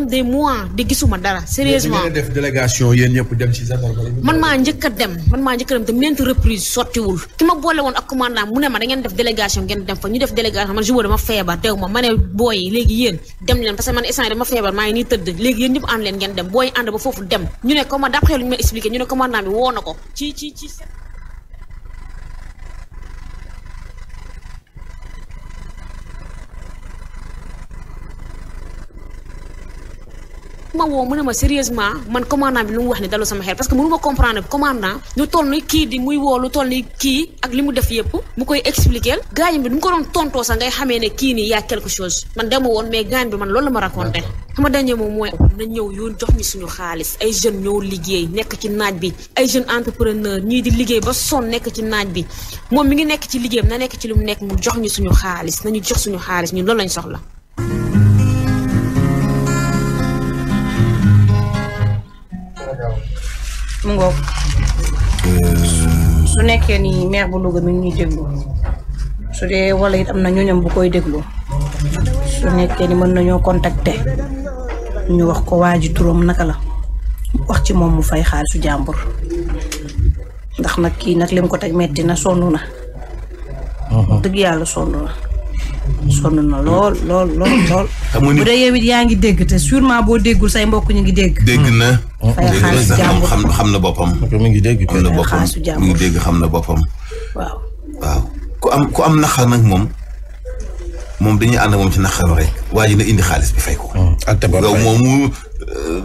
dem des mois di gisuma dara sérieusement def délégation yéen ñëpp dem ci man maa njëkk a dem man maa njëkk a dem te ñeenti reprise sottiwul ki ma boole woon ak commandant mu ne ma da def délégation ngeen dem fa ñu def délégation man jubóo dama feebar dew ma ma ne booyi léegi yéen dem leen parce que man instant dama feebar maa nii tëdd léegi yéen ñëpp ànd leen ngeen dem booyi ànd ba foofu dem ñu ne comme d'après lu ñu ma ku ma woo mu ne ma sérieusement man commandant bi lu mu wax ni dalu sama xel parce que mënu ma comprendre commandant ñu toll ni kii di muy woo lu toll ni kii ak li mu def yëpp mu koy expliquer gaañ bi nu mu ko doon tontoo sax ngay xamee ne kii nii yaa quelque chose man dama woon mais gaañ bi man loolu la ma raconté sama dernier moom mooy na ñëw yoon jox ñu suñu xaalis ay jeunes ñoo liggéey nekk ci naaj bi ay jeunes entrepreneur ñii di liggéey ba nekk ci naaj bi moom mi ngi nekk ci liggéeyam na nekk ci lu mu nekk mu jox ñu suñu xaalis na ñu jox suñu xaalis ñu loolu lañ soxla mu ngoog. Euh, su nekkee ni maire bu Louga mi ngi ñuy déglu su dee wala it am na ñooñam bu koy déglu su nekkee ni mën nañoo contacter ñu wax ko waa ji turam naka la wax ci moom mu fay xaalisu jàmbur ndax nag kii nag lim ko teg metti na sonn na. Uh-huh. dëgg yàlla sonn na. sonn na lool lool lool lool. bu dee yow yaa ngi dégg te sûrement boo déggul say mbokk ñu ngi dégg. dégg na. xam xam na boppam. mi ngi dégg xam na boppam mi ngi xam na boppam. waaw. waaw ku am ku am naxar nag moom moom dañuy ànd moom ci naxar rek waa ji na indi xaalis bi fay ko. Hmm. ak moom mu euh,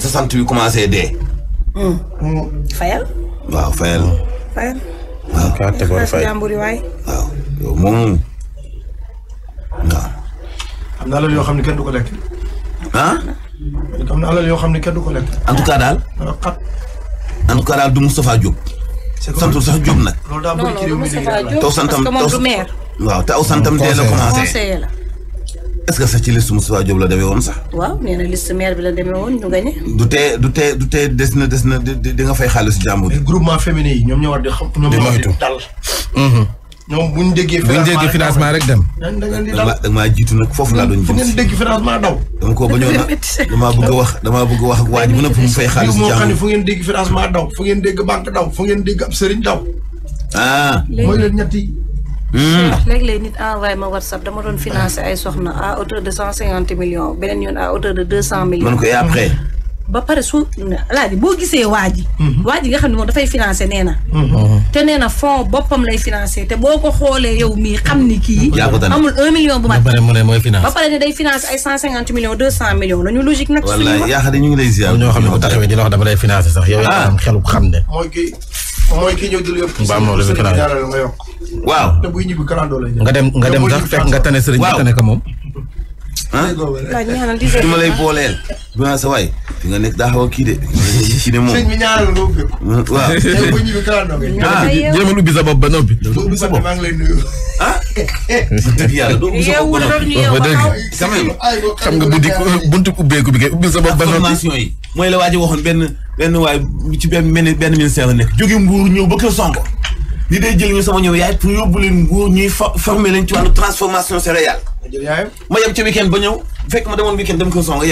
sa sant bi commencé dee. Hmm. Hmm. fayal. waaw fayal. fayal. waaw. yow moom waaw. am na alal yoo xam ne kenn du ko lekk. ah. am na alal yoo xam ne kenn du ko lekk. en tout cas daal. en tout cas daal du Moustapha Diop. santul sax Diop nag. loolu daa bëri ci réew mi liggéey taw santam taw waaw te aw santam dee la commencé est-ce que sax ci liste Moustapha Diop la demee woon sax. waaw nee na liste maire bi la demee woon ñu gagné. du tee du tee du tee des na des na di nga fay xaalis jàmbur. groupement féminin yi ñoom ñoo war di xam. ñoom ñoo war di dal. Mm-hmm. ñoom bu ñu financement rek dem da ngeen di dal foofu laa doon. jëm si financement daw. dama ko bañoon na damaa bëgg a wax damaa bëgg a wax ak waa mu ne mu fay xaalis. ngeen dégg financement daw fu ngeen dégg banque daw fu ngeen dégg ab daw. ah mooy leen ñetti. Hmm. léeg-léeg nit envoyé ma WhatsApp dama doon financé ay soxna à hauteur de cent cinquante millions beneen yoon a hauteur de deux cent millions. man koy et après. ba pare su alaaji boo gisee waa ji. Mhm. waa ji xam ne moom dafay financé nee na. Mhm. te nee na boppam lay financé te boo ko xoolee yow mii xam ni kii. amul un million bu mat. ba pare mu ne mooy day financé ay cent cinquante millions deux cent millions la logique nag. suñu wax wallaay xam ne bu lay financé sax waaw. nga dem nga dem sax fekk nga tane sëriñ. waaw tane moom ah fi ma lay booleel. Binas waay fi nga nekk daa xaw kii de. kii de moom sëñ bi ñaanal nga ubbi ko. waaw tey bu ñu bi kaa a ubbi sa bopp ba noppi. doo ubbi sa bopp maa ngi lay nuyu. ah. dëgg doo ubbi sa bopp ba noppi. waaw dëgg xam nga buddi buntu ubbeeku bi kay ubbi sa bopp ba noppi. formation yi mooy la waaj ji waxoon benn benn waay ci benn benn ministère la nekk. jóge Mbour ñëw ba Kër Sonko. li day jël ñu sama ñëw yaay pour yóbbu leen nguur ñuy former leen ci wàllu transformation céréale ma yem ci weekend ba ñëw fekk ma demoon weekend dem ko songa